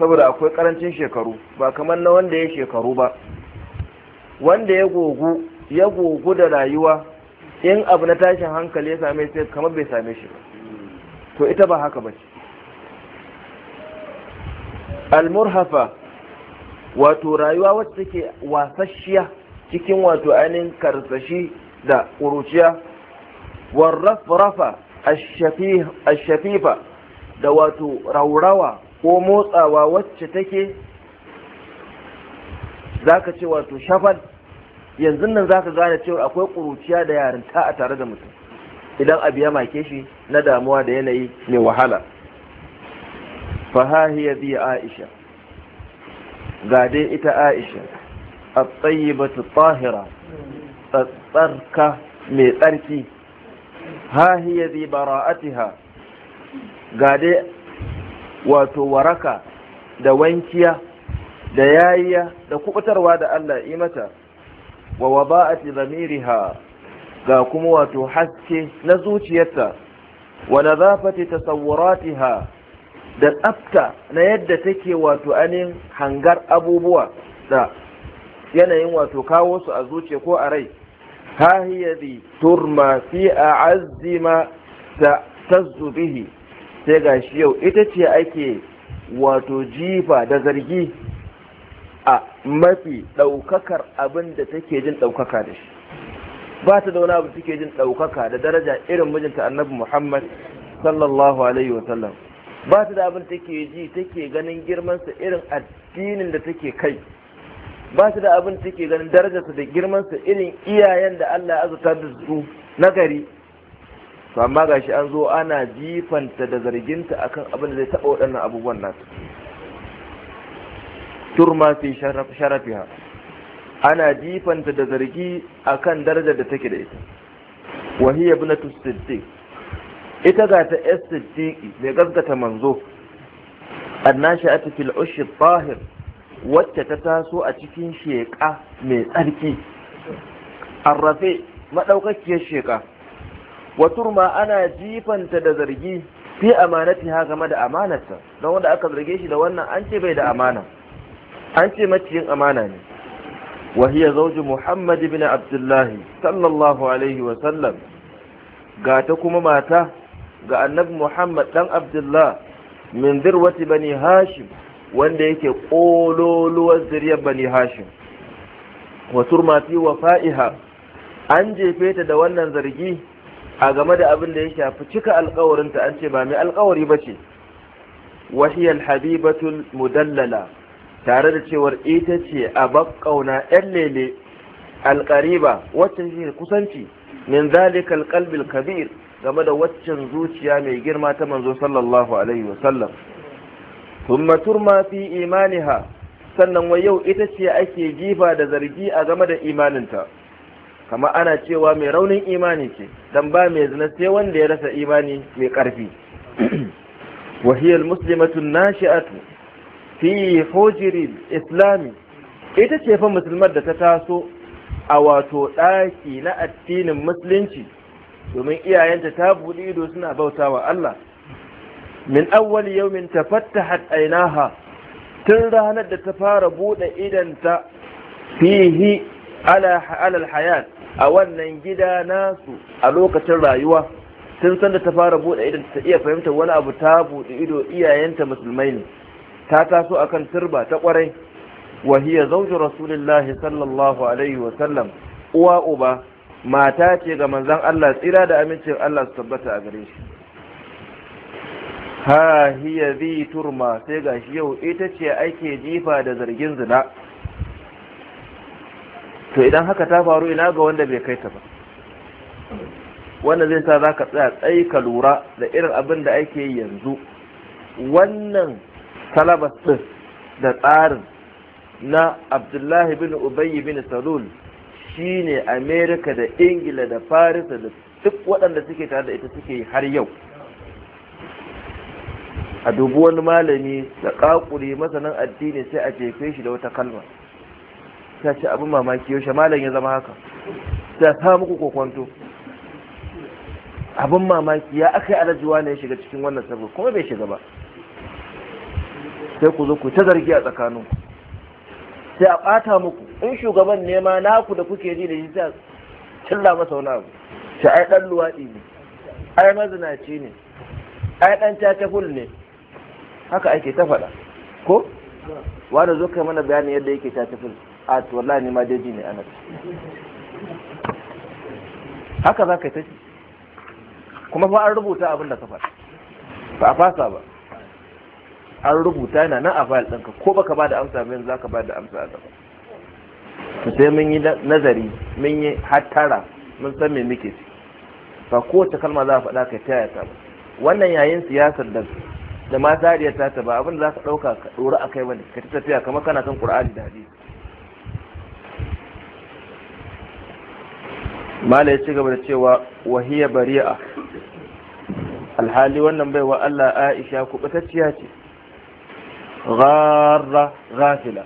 saboda akwai karancin shekaru ba kamar na wanda ya shekaru ba wanda ya gogu ya gogu da rayuwa in abu na tashin hankali ya same shi kamar bai same shi to ita ba haka ba ce almurhafa wato rayuwa wacce take wasasshiya cikin wato ainihin karsashi da ƙuruciya warrafrafa ashafifa da wato raurawa ko motsawa wacce take za ce wato shafal yanzu nan zaka gane cewa akwai ƙuruciya da yarinta a tare da mutum idan abu ya make shi na damuwa da yanayi mai wahala fahahiya biya aisha ga dai ita aisha a tsayibatu tahira tsarka mai tsarki hahiya zai bara'atiha ga dai wato waraka da wankiya da yayiya da kubutarwa da Allah yi mata wa waba'ati zamiriha ga kuma wato haske na zuciyarta wa nazafati tasawwuratiha da tsafta na yadda take wato anin hangar abubuwa da yanayin wato kawo su a zuciya ko a rai ha hiya turma fi azzima ta zubihi. bihi sai ga shi yau ita ce ake wato jifa da zargi a mafi ɗaukakar abin da take jin ɗaukaka da shi ba ta da wani abu take jin ɗaukaka da daraja irin mijinta annabi muhammad sallallahu alaihi wasallam ba ta da abin take ji take ganin girmansa irin addinin da take kai ba ta da abin take ganin darajarsa da girmansa irin iyayen da allah ya azuta da su na gari to amma shi an zo ana jifanta da zarginta akan abin da zai taba waɗannan abubuwan nasu turma fi sharafiha ana jifanta da zargi akan darajar da take da ita wahiyya ibnatu siddiq ita ga ta siddiqi mai gaskata manzo annashi'atu fil ushri tahir wacce ta taso a cikin sheƙa mai tsarki arrafe maɗaukakiyar sheka wa turma ana jifanta da zargi fi amanati ha game da amanarsa don wanda aka zarge shi da wannan an ce bai da amana an ce maciyin amana ne wa hiya zawju muhammad ibn abdullahi sallallahu alaihi wa sallam ga ta kuma mata ga annabi muhammad dan abdullah min dirwati bani hashim wanda yake kololuwar zuriyar bani hashim wa turma fi wafa'iha an jefe ta da wannan zargi a game da abin da ya shafi cika alkawarinta an ce ba mai alkawari ba ce wahiyar habibatul mudallala tare da cewar ita ce a babkauna yan lele alkariba wacce shi kusanci min zalika alqalbil kabir game da waccan zuciya mai girma ta manzo sallallahu alaihi sallam thumma turma fi imaniha sannan wai yau ita ce ake jifa da zargi a game da imaninta kama ana cewa mai raunin imani ce dan ba mai zina sai wanda ya rasa imani mai karfi wa hiya almuslimatu nashi'atu fi hujri islami ita ce fa musulmar da ta taso a wato ɗaki na addinin musulunci domin iyayenta ta buɗe ido suna bautawa Allah min awwal yawmin tafattahat ainaha tun ranar da ta fara buɗe idanta fihi ala alal hayat a wannan gida nasu a lokacin rayuwa sun san da ta fara buɗe idan ta iya fahimtar wani abu ta buɗe ido iyayenta musulmai ne ta taso akan turba ta kwarai wa hiya zawju rasulillahi sallallahu alaihi wa sallam uwa uba mata ce ga manzon Allah tsira da amincin Allah su tabbata a gare shi ha hiya bi turma sai ga shi yau ita ce ake jifa da zargin zina to idan haka ta faru ina ga wanda bai kai ta ba wannan zai sa za ka tsaya tsayi ka lura da irin abin da ake yi yanzu wannan salabas ɗin da tsarin na abdullahi bin ubayy bin salul shine amerika da ingila da farisa da duk waɗanda suke tare da ita suke har yau a dubu wani malami da ƙaƙuri masanin addini sai a jefe shi da wata kalma ta abin mamaki yaushe malam ya zama haka ta ta muku kokwanto abin mamaki ya aka yi alajiwa ne ya shiga cikin wannan sabu kuma bai shiga ba sai ku zo ku ta zargi a tsakanin sai a bata muku in shugaban nema naku da kuke ji da shi ta cilla masa wani abu shi ai ɗan luwaɗi ne ai mazinaci ne ai ɗan cacaful ne haka ake ta faɗa ko wanda zo kai mana bayanin yadda yake cacaful a wallahi ne ma daji ne anas haka za ka yi tafi kuma ba an rubuta abin da ka ba a fasa ba an rubuta yana nan a fayil ɗinka ko baka ba da amsa min za ka ba da amsa a gaba sai mun yi nazari mun yi hattara mun san me muke ci ba kowace kalma za a faɗa ka ta ta ba wannan yayin siyasar da da ma zariyar ta ta ba abin da za ka ɗauka ka ɗora a kai wani ka ta tafiya kamar kana son ƙur'ani da hadisi mala ya ci gaba da cewa wahiya bari'a alhali wannan baiwa Allah Aisha kubatacciya ce gharra ghafila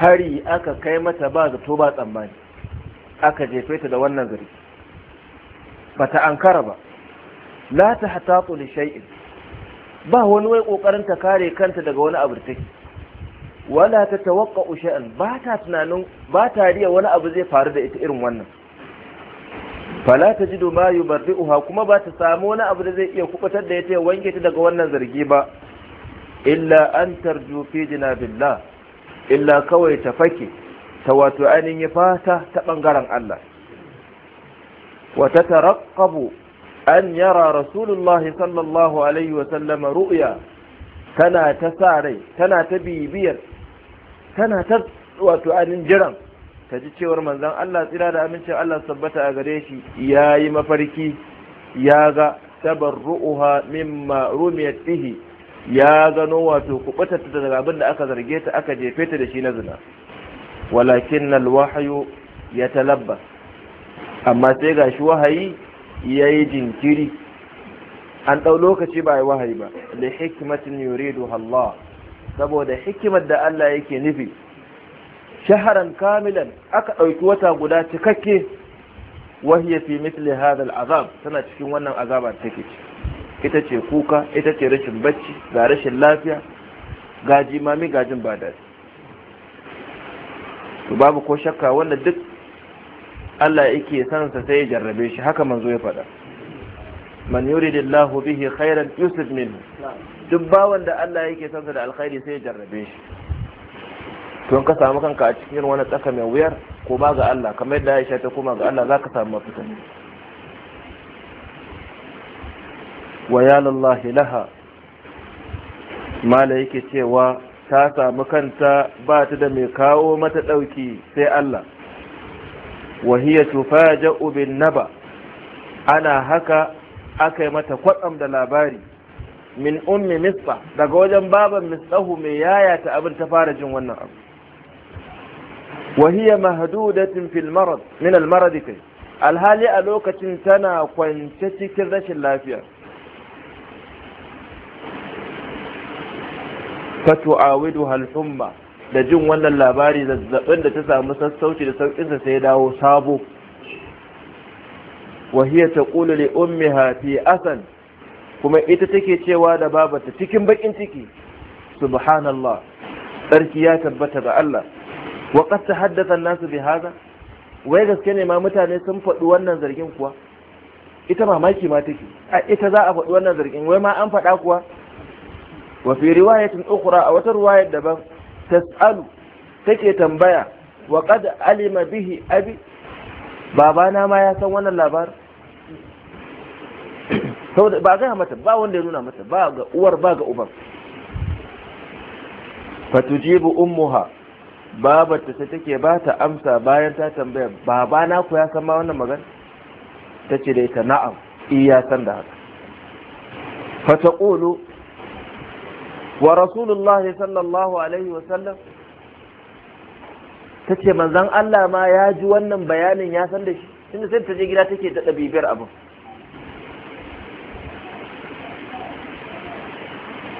hari aka kai mata ba zato ba tsammani aka jefe ta da wannan gari bata ankara ba la ta hatatu li shay'in ba wani wai kokarin ta kare kanta daga wani abu take wala ta tawaqqa shay'an ba ta tunanin ba ta riya wani abu zai faru da ita irin wannan fala ta jidu ma yubarri'uha kuma ba ta samu wani abu da zai iya kubutar da ya ta wanke ta daga wannan zargi ba illa an tarju fi jinabillah illa kawai ta fake ta wato ainihin fata ta bangaren Allah Wata ta taraqqabu an yara rasulullah sallallahu alaihi wa sallam ru'ya tana ta sa rai tana ta bibiyar tana ta wato ainihin jiran ta ji cewar manzan Allah tsira da amincin Allah sabbata a gare shi ya yi mafarki ya ga tabarru'uha mimma rumiyat bihi ya gano wato kubatar ta daga abin da aka zarge ta aka jefe ta da shi na zina walakin alwahyu ya talabba amma sai gashi wahayi yayi jinkiri an ɗau lokaci ba a yi wahayi ba li hikmatin yuridu Allah saboda hikimar da Allah yake nufi shaharan kamilan aka ɗauki wata guda cikakke wahiya fi mithli hadha al'azab tana cikin wannan azaba take ci ita ce kuka ita ce rashin bacci ga rashin lafiya ga jimami gajin ba dadi to babu ko shakka wanda duk Allah yake son sa sai ya jarrabe shi haka manzo ya faɗa man yuridillahu bihi khairan yusib minhu duk bawan da Allah yake son sa da alkhairi sai ya jarrabe shi don ka samu kanka a cikin wani tsaka mai wuyar ko ba ga Allah kamar yadda Aisha ta koma ga Allah za ka samu mafita wa ya lallahi laha mala yake cewa ta samu kanta ba ta da mai kawo mata ɗauki sai Allah wa hiya tufaja'u bin naba ana haka aka yi mata kwatsam da labari min ummi misba daga wajen baban misahu mai yayata abin ta fara jin wannan abu wa hiya mahdudatin fil marad min al marad alhali a lokacin tana kwance cikin rashin lafiya fatu'awidu halhumma da jin wannan labari zazzabin da ta samu sassauci da sauƙinsa sai dawo sabo wahiya ta ƙulu li ummiha fi asan kuma ita take cewa da babata cikin baƙin ciki subhanallah tsarki ya tabbata ga Allah wa ta haddasa an-nasu bi haza wai gaske ne ma mutane sun faɗi wannan zargin kuwa ita mamaki ma take a ita za a faɗi wannan zargin wai ma an faɗa kuwa wa fi riwayatin ukhra a wata riwayar daban tas'alu take tambaya wa qad alima bihi abi babana ma ya san wannan labar? saboda ba gaya mata ba wanda ya nuna mata ba ga uwar ba ga uban fatujibu ummuha babar ta take ba ta amsa bayan ta tambaya baba na ku ya san ma wannan magana ta ce dai ta na'am iya san da haka ta qulu wa rasulullah sallallahu alaihi wa ta ce manzon Allah ma ya ji wannan bayanin ya san da shi tunda sai ta je gida take da dabibiyar abu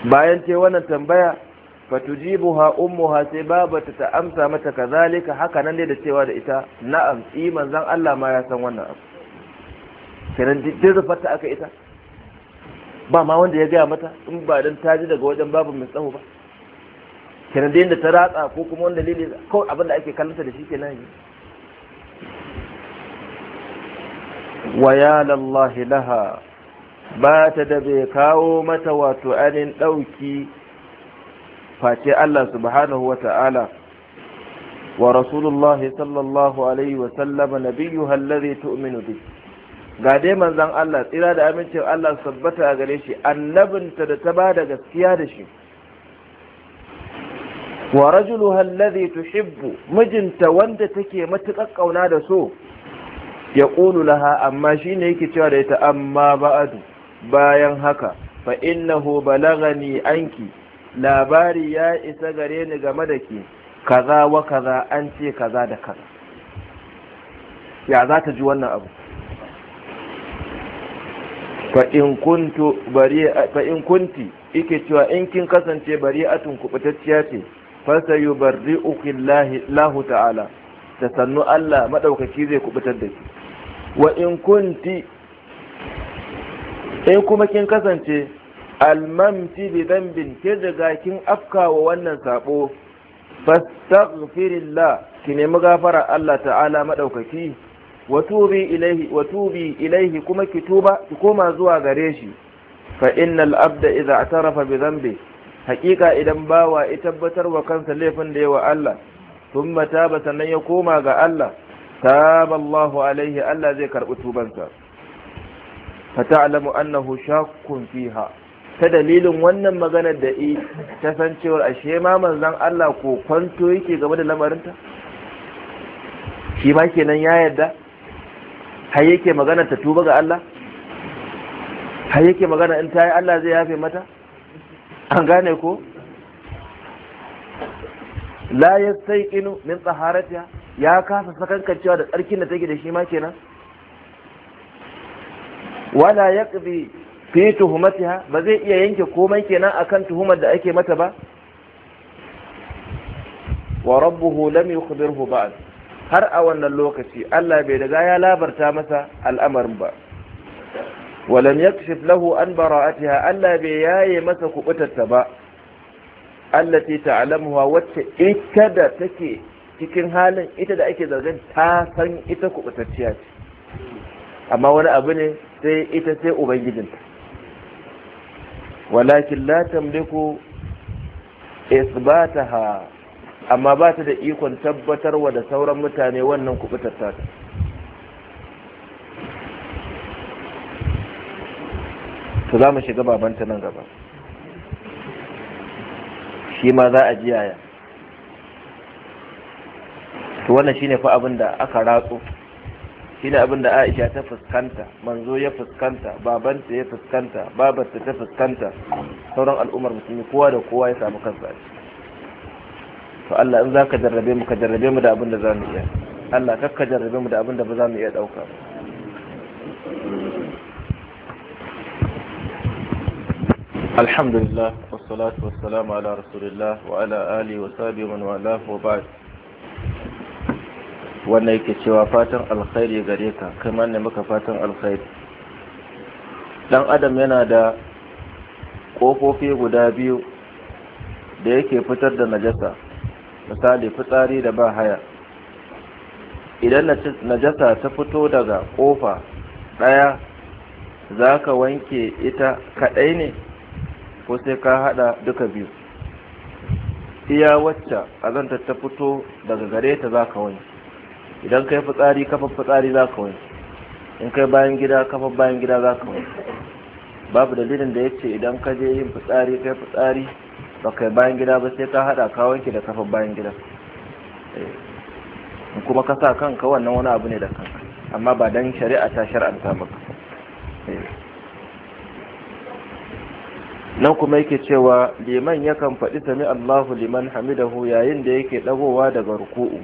bayan ce wannan tambaya fatujibuha ummuha sai babata ta amsa mata kazalika haka nan da cewa da ita na'am i zan Allah ma ya san wannan abu kenan duk fata aka ita ba ma wanda ya gaya mata in ba dan ta ji daga wajen babu mai tsaho ba kenan da ta ratsa ko kuma wanda lili kawai abin da ake kallonta da shi ke nan wa ya lallahi laha ba ta da bai kawo mata wato anin ɗauki face Allah subhanahu wa ta'ala wa rasulullahi sallallahu alaihi wa sallama nabiyuha alladhi tu'minu bi ga dai manzon Allah tsira da amincin Allah sabbata a gare shi annabinta da ta bada gaskiya da shi wa rajuluha alladhi hibbu mijinta wanda take matuƙar ƙauna da so ya ƙulu laha amma shi ne yake cewa da ita amma ba'adu bayan haka fa innahu balagani anki labari ya isa gare ni game da ke kaza wa kaza an ce kaza da kaza ya za ta ji wannan abu fa in kunti ike cewa in kin kasance bari'atun kubutacciya ce fasa yi bari ukin lahu ta'ala ta sannu Allah maɗaukaki zai kubutar da ke wa kunti in kuma kin kasance almamti bi dambin ke riga kin afkawa wannan sabo fastaghfirillah ki nemi gafara Allah ta'ala madaukaki wa tubi ilaihi wa tubi ilaihi kuma ki tuba ki koma zuwa gare shi fa innal abda idza atarafa bi dhanbi haqiqa idan bawa ya tabbatar wa kansa laifin da yawa Allah thumma taba sannan ya koma ga Allah taba Allahu alaihi Allah zai karbi tubansa fatalamu annahu shakkun fiha ta dalilin wannan maganar da i ta san cewar ashe shema manzan Allah ko kwanto yake game da lamarinta shi ma kenan ya yarda har yake magana ta tuba ga Allah har yake magana in ta yi Allah zai yafe mata an gane ko la ya sai inu min tsaharatiya ya kasa sakankancewa da tsarkin da take da shi ma kenan wala ya ƙabi fi tuhumatiha ba zai iya yanke komai kenan akan tuhumar da ake mata ba wa rabbuhu lam yukhbirhu ba'd har a wannan lokaci Allah bai daga ya labarta masa al'amarin ba wa lam yakshif lahu an bara'atiha Allah bai yaye masa ta ba allati ta'lamuha wacce ita da take cikin halin ita da ake zargin ta san ita kubutacciya ce amma wani abu ne sai ita sai ubangijinta walakin la tamliku isbataha amma ba ta da ikon tabbatar wa da sauran mutane wannan kubutar ta to za mu shiga babanta nan gaba shi ma za a ji yaya to wannan shine fa abin da aka ratsu. shine abin da Aisha ta fuskanta manzo ya fuskanta babanta ya fuskanta babarta ta fuskanta sauran al'ummar musulmi kowa da kowa ya samu kansa to Allah in zaka jarrabe mu ka jarrabe mu da abin da zamu iya Allah ka jarrabe mu da abin da ba zamu iya dauka alhamdulillah wassalatu wassalamu ala rasulillah wa ala alihi wa sahbihi wa man wala wa ba'd wannan yake cewa fatan alkhairi gare ka kai ma ne maka fatan alkhairi dan adam yana da kofofi guda biyu da yake fitar da najasa misali fitsari da ba haya idan najasa ta fito daga kofa daya zaka wanke ita kadai ne ko sai ka hada duka biyu iya wacce azanta ta fito daga gare ta za wanke idan kai fitsari kafar fitsari za ka wanke in kai bayan gida kafar bayan gida za ka wanke babu dalilin da ya ce idan ka je yin fitsari kai fitsari ba kai bayan gida ba sai ka haɗa ka wanke da kafar bayan gida eh, in kuma ka sa kanka wannan wani abu ne da kanka amma ba dan shari'a ta shar'anta maka eh. nan kuma yake cewa liman yakan faɗi sami Allahu liman hamidahu yayin da yake ɗagowa daga ruku'u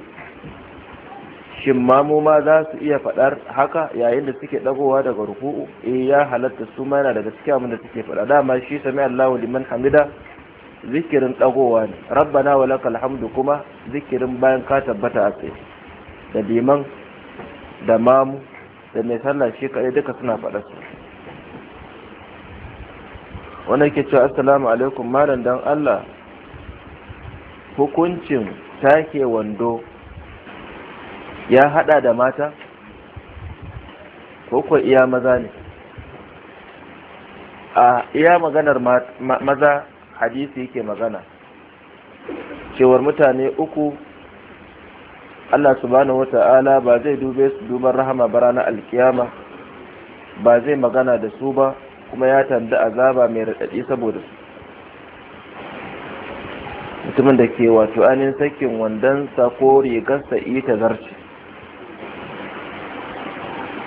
shin ma za su iya faɗar haka yayin da suke ɗagowa daga ruku'u eh ya halatta su ma yana daga cikin abin da suke faɗa dama shi sami Allahu liman hamida zikirin ɗagowa ne rabbana wa lakal hamdu kuma zikirin bayan ka tabbata a tsaye da liman da mamu da mai sallah shi kaɗai duka suna faɗa su wannan ke cewa assalamu alaikum malam dan Allah hukuncin take wando ya hada da mata ko ko iya maza ne a iya maganar maza hadisi yake magana cewar mutane uku Allah subhanahu wata'ala ba zai dube su duban rahama ba ranar alkiyama ba zai magana da su ba kuma ya tanda azaba mai raɗaɗi saboda su mutumin da ke wato ainihin sakin wandonsa ko rigarsa ita zarce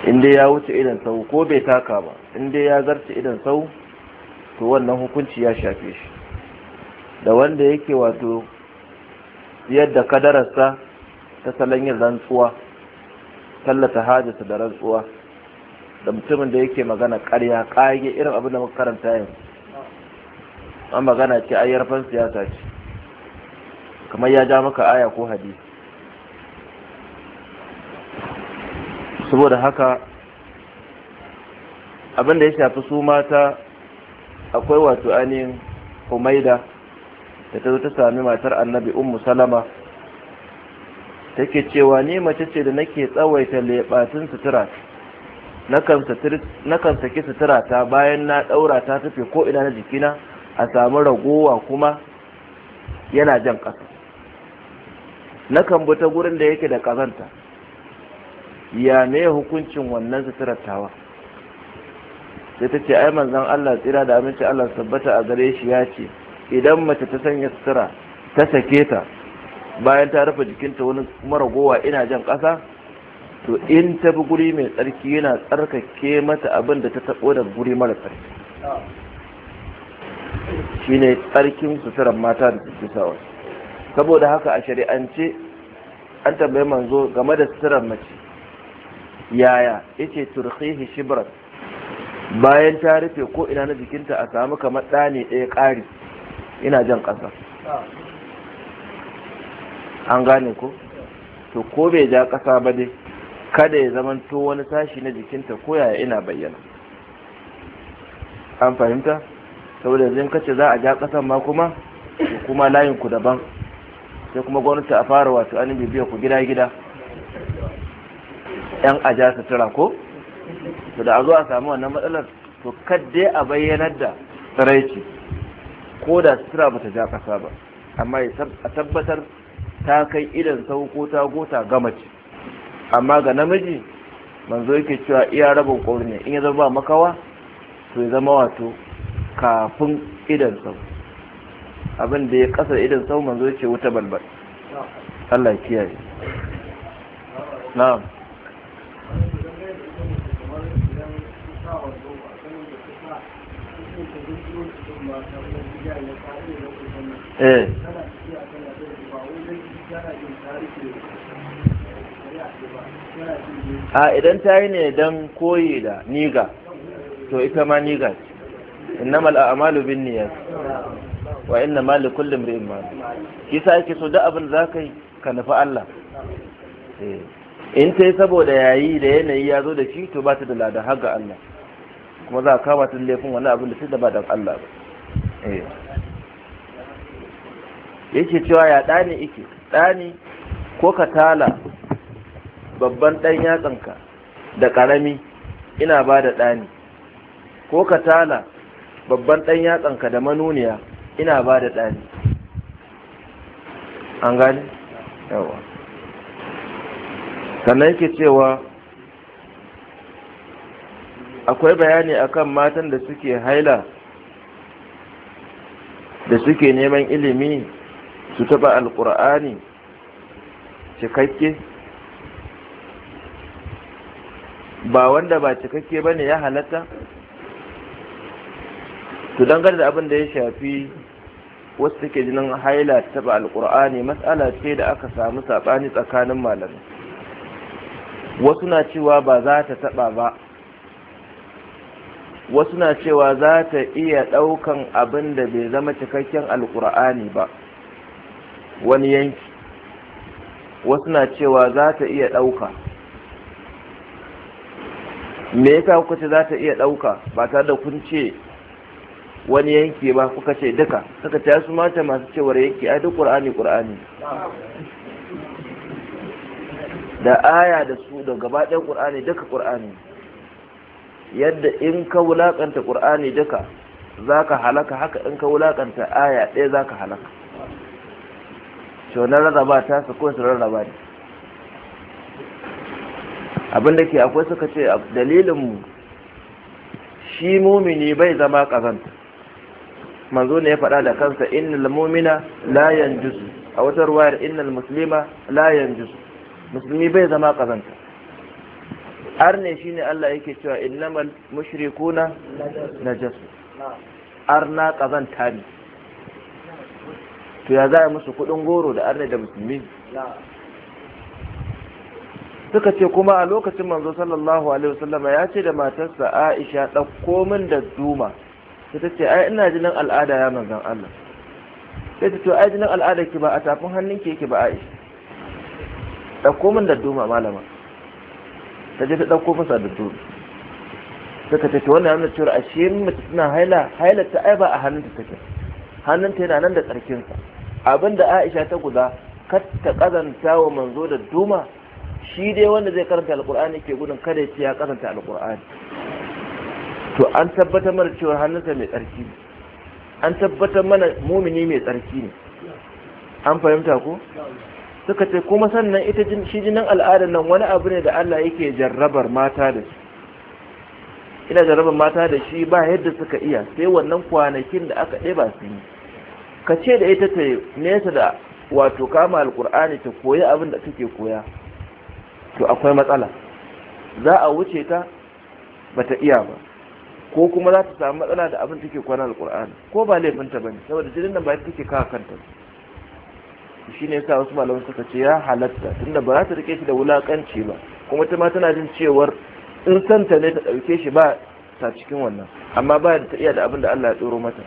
in dai ya wuce idan sau ko bai taka ba in dai ya zarce idan sau to wannan hukunci ya shafe shi da wanda yake wato yadda kadararsa ta salon yin rantsuwa tallata hajjata da rantsuwa da mutumin da yake magana karya kage irin abin da makaranta yin an magana ce ayyarfan siyasa ce kamar ya ja maka aya ko hadisi saboda haka abin da ya shafi su mata akwai wato ainihin humaida da ta zo ta sami matar annabi ummu salama take cewa ni mace ce da nake tsawaita lebatin sutura na kan saki sutura ta bayan na ɗaura ta tafi ko ina na jikina a sami ragowa kuma yana jan ƙasa nakan bi ta gurin da yake da ƙazanta ya ne hukuncin wannan suturar tawa sai ta ce ai manzon Allah tsira da aminci Allah sabbata a gare shi ya ce idan mace ta sanya sutura ta sake ta bayan ta rufe jikinta wani mara gowa ina jan ƙasa to in ta bi guri mai tsarki yana tsarkake mata abin da ta taɓo da guri mara tsarki Shi ne tsarkin suturar mata da suke saboda haka a shari'ance an tambayi manzo game da suturar mace yaya yace turkihi shibrat bayan ta rufe ko ina na jikinta a samu kamar ɗani ɗaya ƙari ina jan ƙasa an gane ko to ko bai ja ƙasa ba dai kada ya zamanto wani tashi na jikinta ko yaya ina bayyana an fahimta saboda zai kace za a ja ƙasan ma kuma kuma layin ku daban sai kuma gwamnati a fara wato an bibiya ku gida gida yan aja sutura ko to da a zo a samu wannan matsalar to kadde a bayyanar da tsiraici ko da sutura ba ta ja kasa ba amma a tabbatar ta kai idan sau ko ta gota ga mace amma ga namiji manzo yake cewa iya rabin ƙori ne in ya zama makawa to ya zama wato kafin idan sau abin da ya ƙasa idan sau manzo yake wuta balbal Allah kiyaye na'am Eh. a idan ta yi ne don koyi da niga to ita ma niga ce innamal a'malu bin niyyat wa inna ma kullum kulli imrin ki sa yake so da abin ka yi ka nufi Allah eh. in ta yi saboda yayi da yanayi ya zo da shi to ba ta da ladan haga Allah kuma za a kama ta laifin wani abin da ta da ba da Allah ba Eh. yake cewa ya ɗani ike ɗani ko ka tala babban ɗan yatsanka da ƙarami ina ba da ɗani ko ka tala babban ɗan yatsanka da manuniya ina ba da ɗani an gani? yawa sannan yake cewa akwai bayani akan matan da suke haila da suke neman ilimi su taba alkur'ani cikakke ba wanda ba cikakke ba ne ya halatta to dangar da abin da ya shafi wasu suke jinin haila ta taba alkur'ani matsala ce da aka samu saɓani tsakanin malamai wasu na cewa ba za ta taba ba wasu na cewa za ta iya ɗaukan abin da bai zama cikakken Alƙur'ani ba wani yanki wasu na cewa za ta iya ɗauka me yasa kawo ce za ta iya ɗauka ba tare da kun ce wani yanki ba kuka ce duka suka ta su mata masu cewar yanki a duk ƙur'ani ƙur'ani da aya da su da gaba ƙur'ani duka ƙur'ani yadda in ka wulakanta ƙur'ani duka za ka halaka haka in ka wulakanta aya ɗaya ka halaka to na rarraba ta su ko su rarraba ne abin ke akwai suka ce dalilin mu shi mumini bai zama ƙazanta, manzo ne ya faɗa da kansa innal mumina la yanjusu a wata ruwayar innal muslima la yanjusu musulmi bai zama ƙazanta. arne shine Allah yake cewa innamal mushrikuna najasu arna kazanta ne to ya za musu kudin goro da arne da musulmi suka ce kuma a lokacin manzo sallallahu alaihi wasallam ya ce da matarsa Aisha ɗauko min da zuma sai ta ce ai ina jinin al'ada ya manzon Allah sai ta ce ai jinin al'ada ki ba a tafin hannunki yake ba Aisha ɗauko min da zuma malama ta je ta ɗauko fasa da su suka ce to wannan yana cewa ashe mace suna haila haila ta ai ba a hannunta take ta yana nan da tsarkinsa abinda Aisha ta guda kar ta kazanta wa manzo da duma shi dai wanda zai karanta alkur'ani ke gudun kada ya ce ya karanta alkur'ani to an tabbatar mana cewa ta mai tsarki ne an tabbatar mana mumini mai tsarki ne an fahimta ko suka ce kuma sannan ita shi jinin al'adar nan wani abu ne da Allah yake jarrabar mata da shi ina jarrabar mata da shi ba yadda suka iya sai wannan kwanakin da aka ɗeba su yi ka ce da ita ta nesa da wato kama alkur'ani ta koyi abin da take koya to akwai matsala za a wuce ta ba ta iya ba ko kuma za ta samu matsala da abin take kwana alkur'ani ko ba laifinta ba ne saboda jinin nan ba take kawo kanta ba shi ne yasa wasu malamai suka ce ya halatta tunda ba za ta rike shi da wulakanci ba kuma ta ma tana jin cewar in santa ne ta ɗauke shi ba ta cikin wannan amma ba ta iya da abin da Allah ya tsoro mata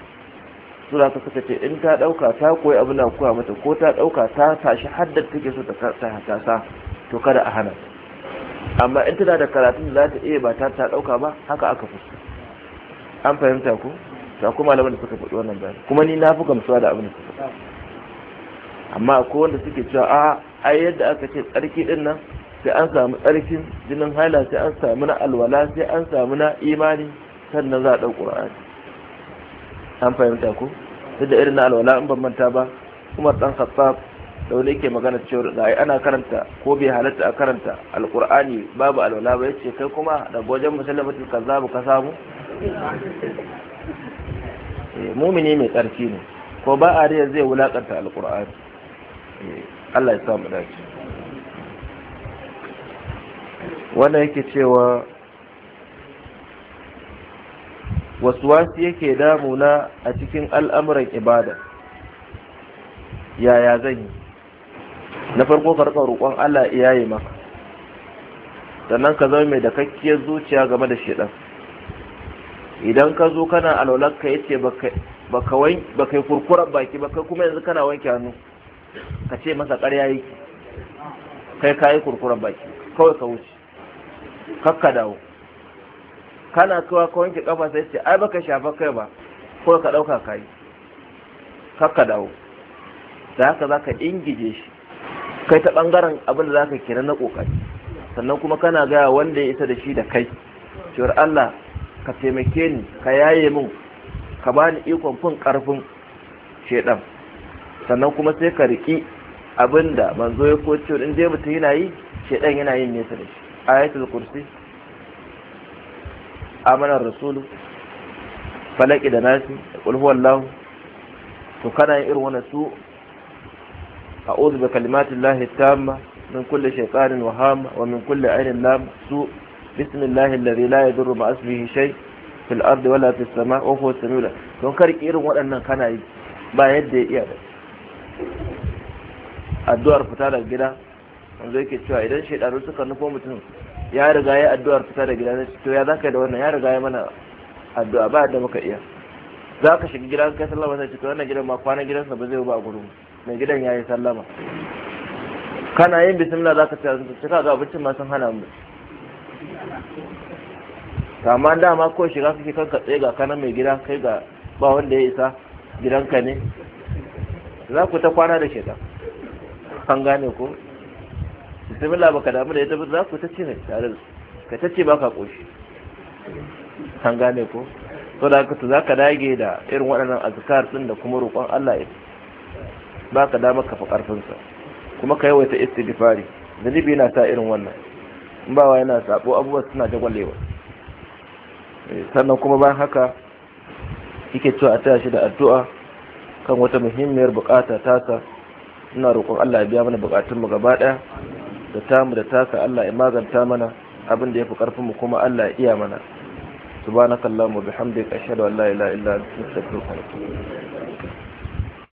su za suka ce in ta ɗauka ta koyi abin da kuwa mata ko ta ɗauka ta tashi haddar take so ta tasa to kada a hana amma in tana da karatun da za ta iya ba ta ta ɗauka ba haka aka fuska. an fahimta ku ta kuma malaman da suka faɗi wannan bayani kuma ni na fi gamsuwa da abin da suka faɗi amma akwai wanda suke cewa a ai yadda aka ce tsarki din nan sai an samu tsarkin jinin hala sai an samu na alwala sai an samu na imani sannan za a ɗau ƙura'ani an fahimta ko sai da irin na alwala in ba manta ba kuma ɗan khattab da wani yake magana cewa da ai ana karanta ko bai halatta a karanta alƙur'ani babu alwala ba yace kai kuma da wajen musallamatul kazzabu ka samu eh, mumini mai tsarki ne ko ba a riya zai wulakanta alƙur'ani Allah ya sa mu dace wanda yake cewa waswasi yake damuna a cikin al'amuran ibada yaya zan yi na farko ka rika roƙon Allah ya yi maka sannan ka zama mai da kakkiyar zuciya game da shedan idan ka zo kana alwalar yace baka baka baka kurkurar baki baka kuma yanzu kana wanke hannu ka ce masa ƙarya yi kai kayi kurkuren baki kawai ka wuce kakka dawo kana kawa ka wanke kafa sai ce ai baka shafa kai ba kawai ka ɗauka kayi kakka dawo da haka za ka ingije shi kai ta ɓangaren abin da za ka kira na ƙoƙari sannan kuma kana gaya wanda ya isa da shi da kai cewar Allah ka taimake ni ka yaye min ka bani ikon fin ƙarfin shaidan sannan kuma sai ka riki abinda manzo ya ko cewa in mutum yana yi Shaidan yana yin nesa da shi ayatul kursi amanar rasulu falaki da nasi qul lahu to kana yin irin wannan su A a'udhu bi kalimatillahi tamma min kulle shekarun wahama wa min kulle ainihin lam su bismillahi lari la yadurru ma ismihi shai fil ardi wala fi sama ofo huwa don karki irin waɗannan kana yi ba yadda ya iya da addu'ar fita daga gida wanzu yake cewa idan shaidaru suka nufo mutum ya riga ya addu'ar fita daga gida to ya zaka da wannan ya riga ya mana addu'a ba da muka iya za ka shiga gidan kai sallama sai to wannan gidan ma kwanan gidansa ba zai ba gurin mai gidan ya yi sallama kana yin bismillah za ka ce ka ga abincin ma sun hana mu kama dama ko shiga kake kanka tsaye ga kana mai gida kai ga ba wanda ya isa gidanka ne za ku ta kwana da shekaru. an gane ko bismillah baka damu da ita za ku ta ne tare da ka ta baka koshi an gane ko to da haka za ka dage da irin waɗannan azkar din da kuma roƙon Allah ya baka dama ka fa karfin sa kuma ka yawaita istighfari zunubi yana sa irin wannan in ba wa yana sabo abubuwa suna da gwalewa eh, sannan kuma ba haka yake cewa a tashi da addu'a kan wata muhimmiyar bukata tasa ina roƙon Allah ya biya mana buƙatun mu gaba ɗaya da tamu da taka Allah ya maganta mana abin da yafi karfin mu kuma Allah ya iya mana subhanakallahumma bihamdika ashhadu an la ilaha illa anta astaghfiruka wa atubu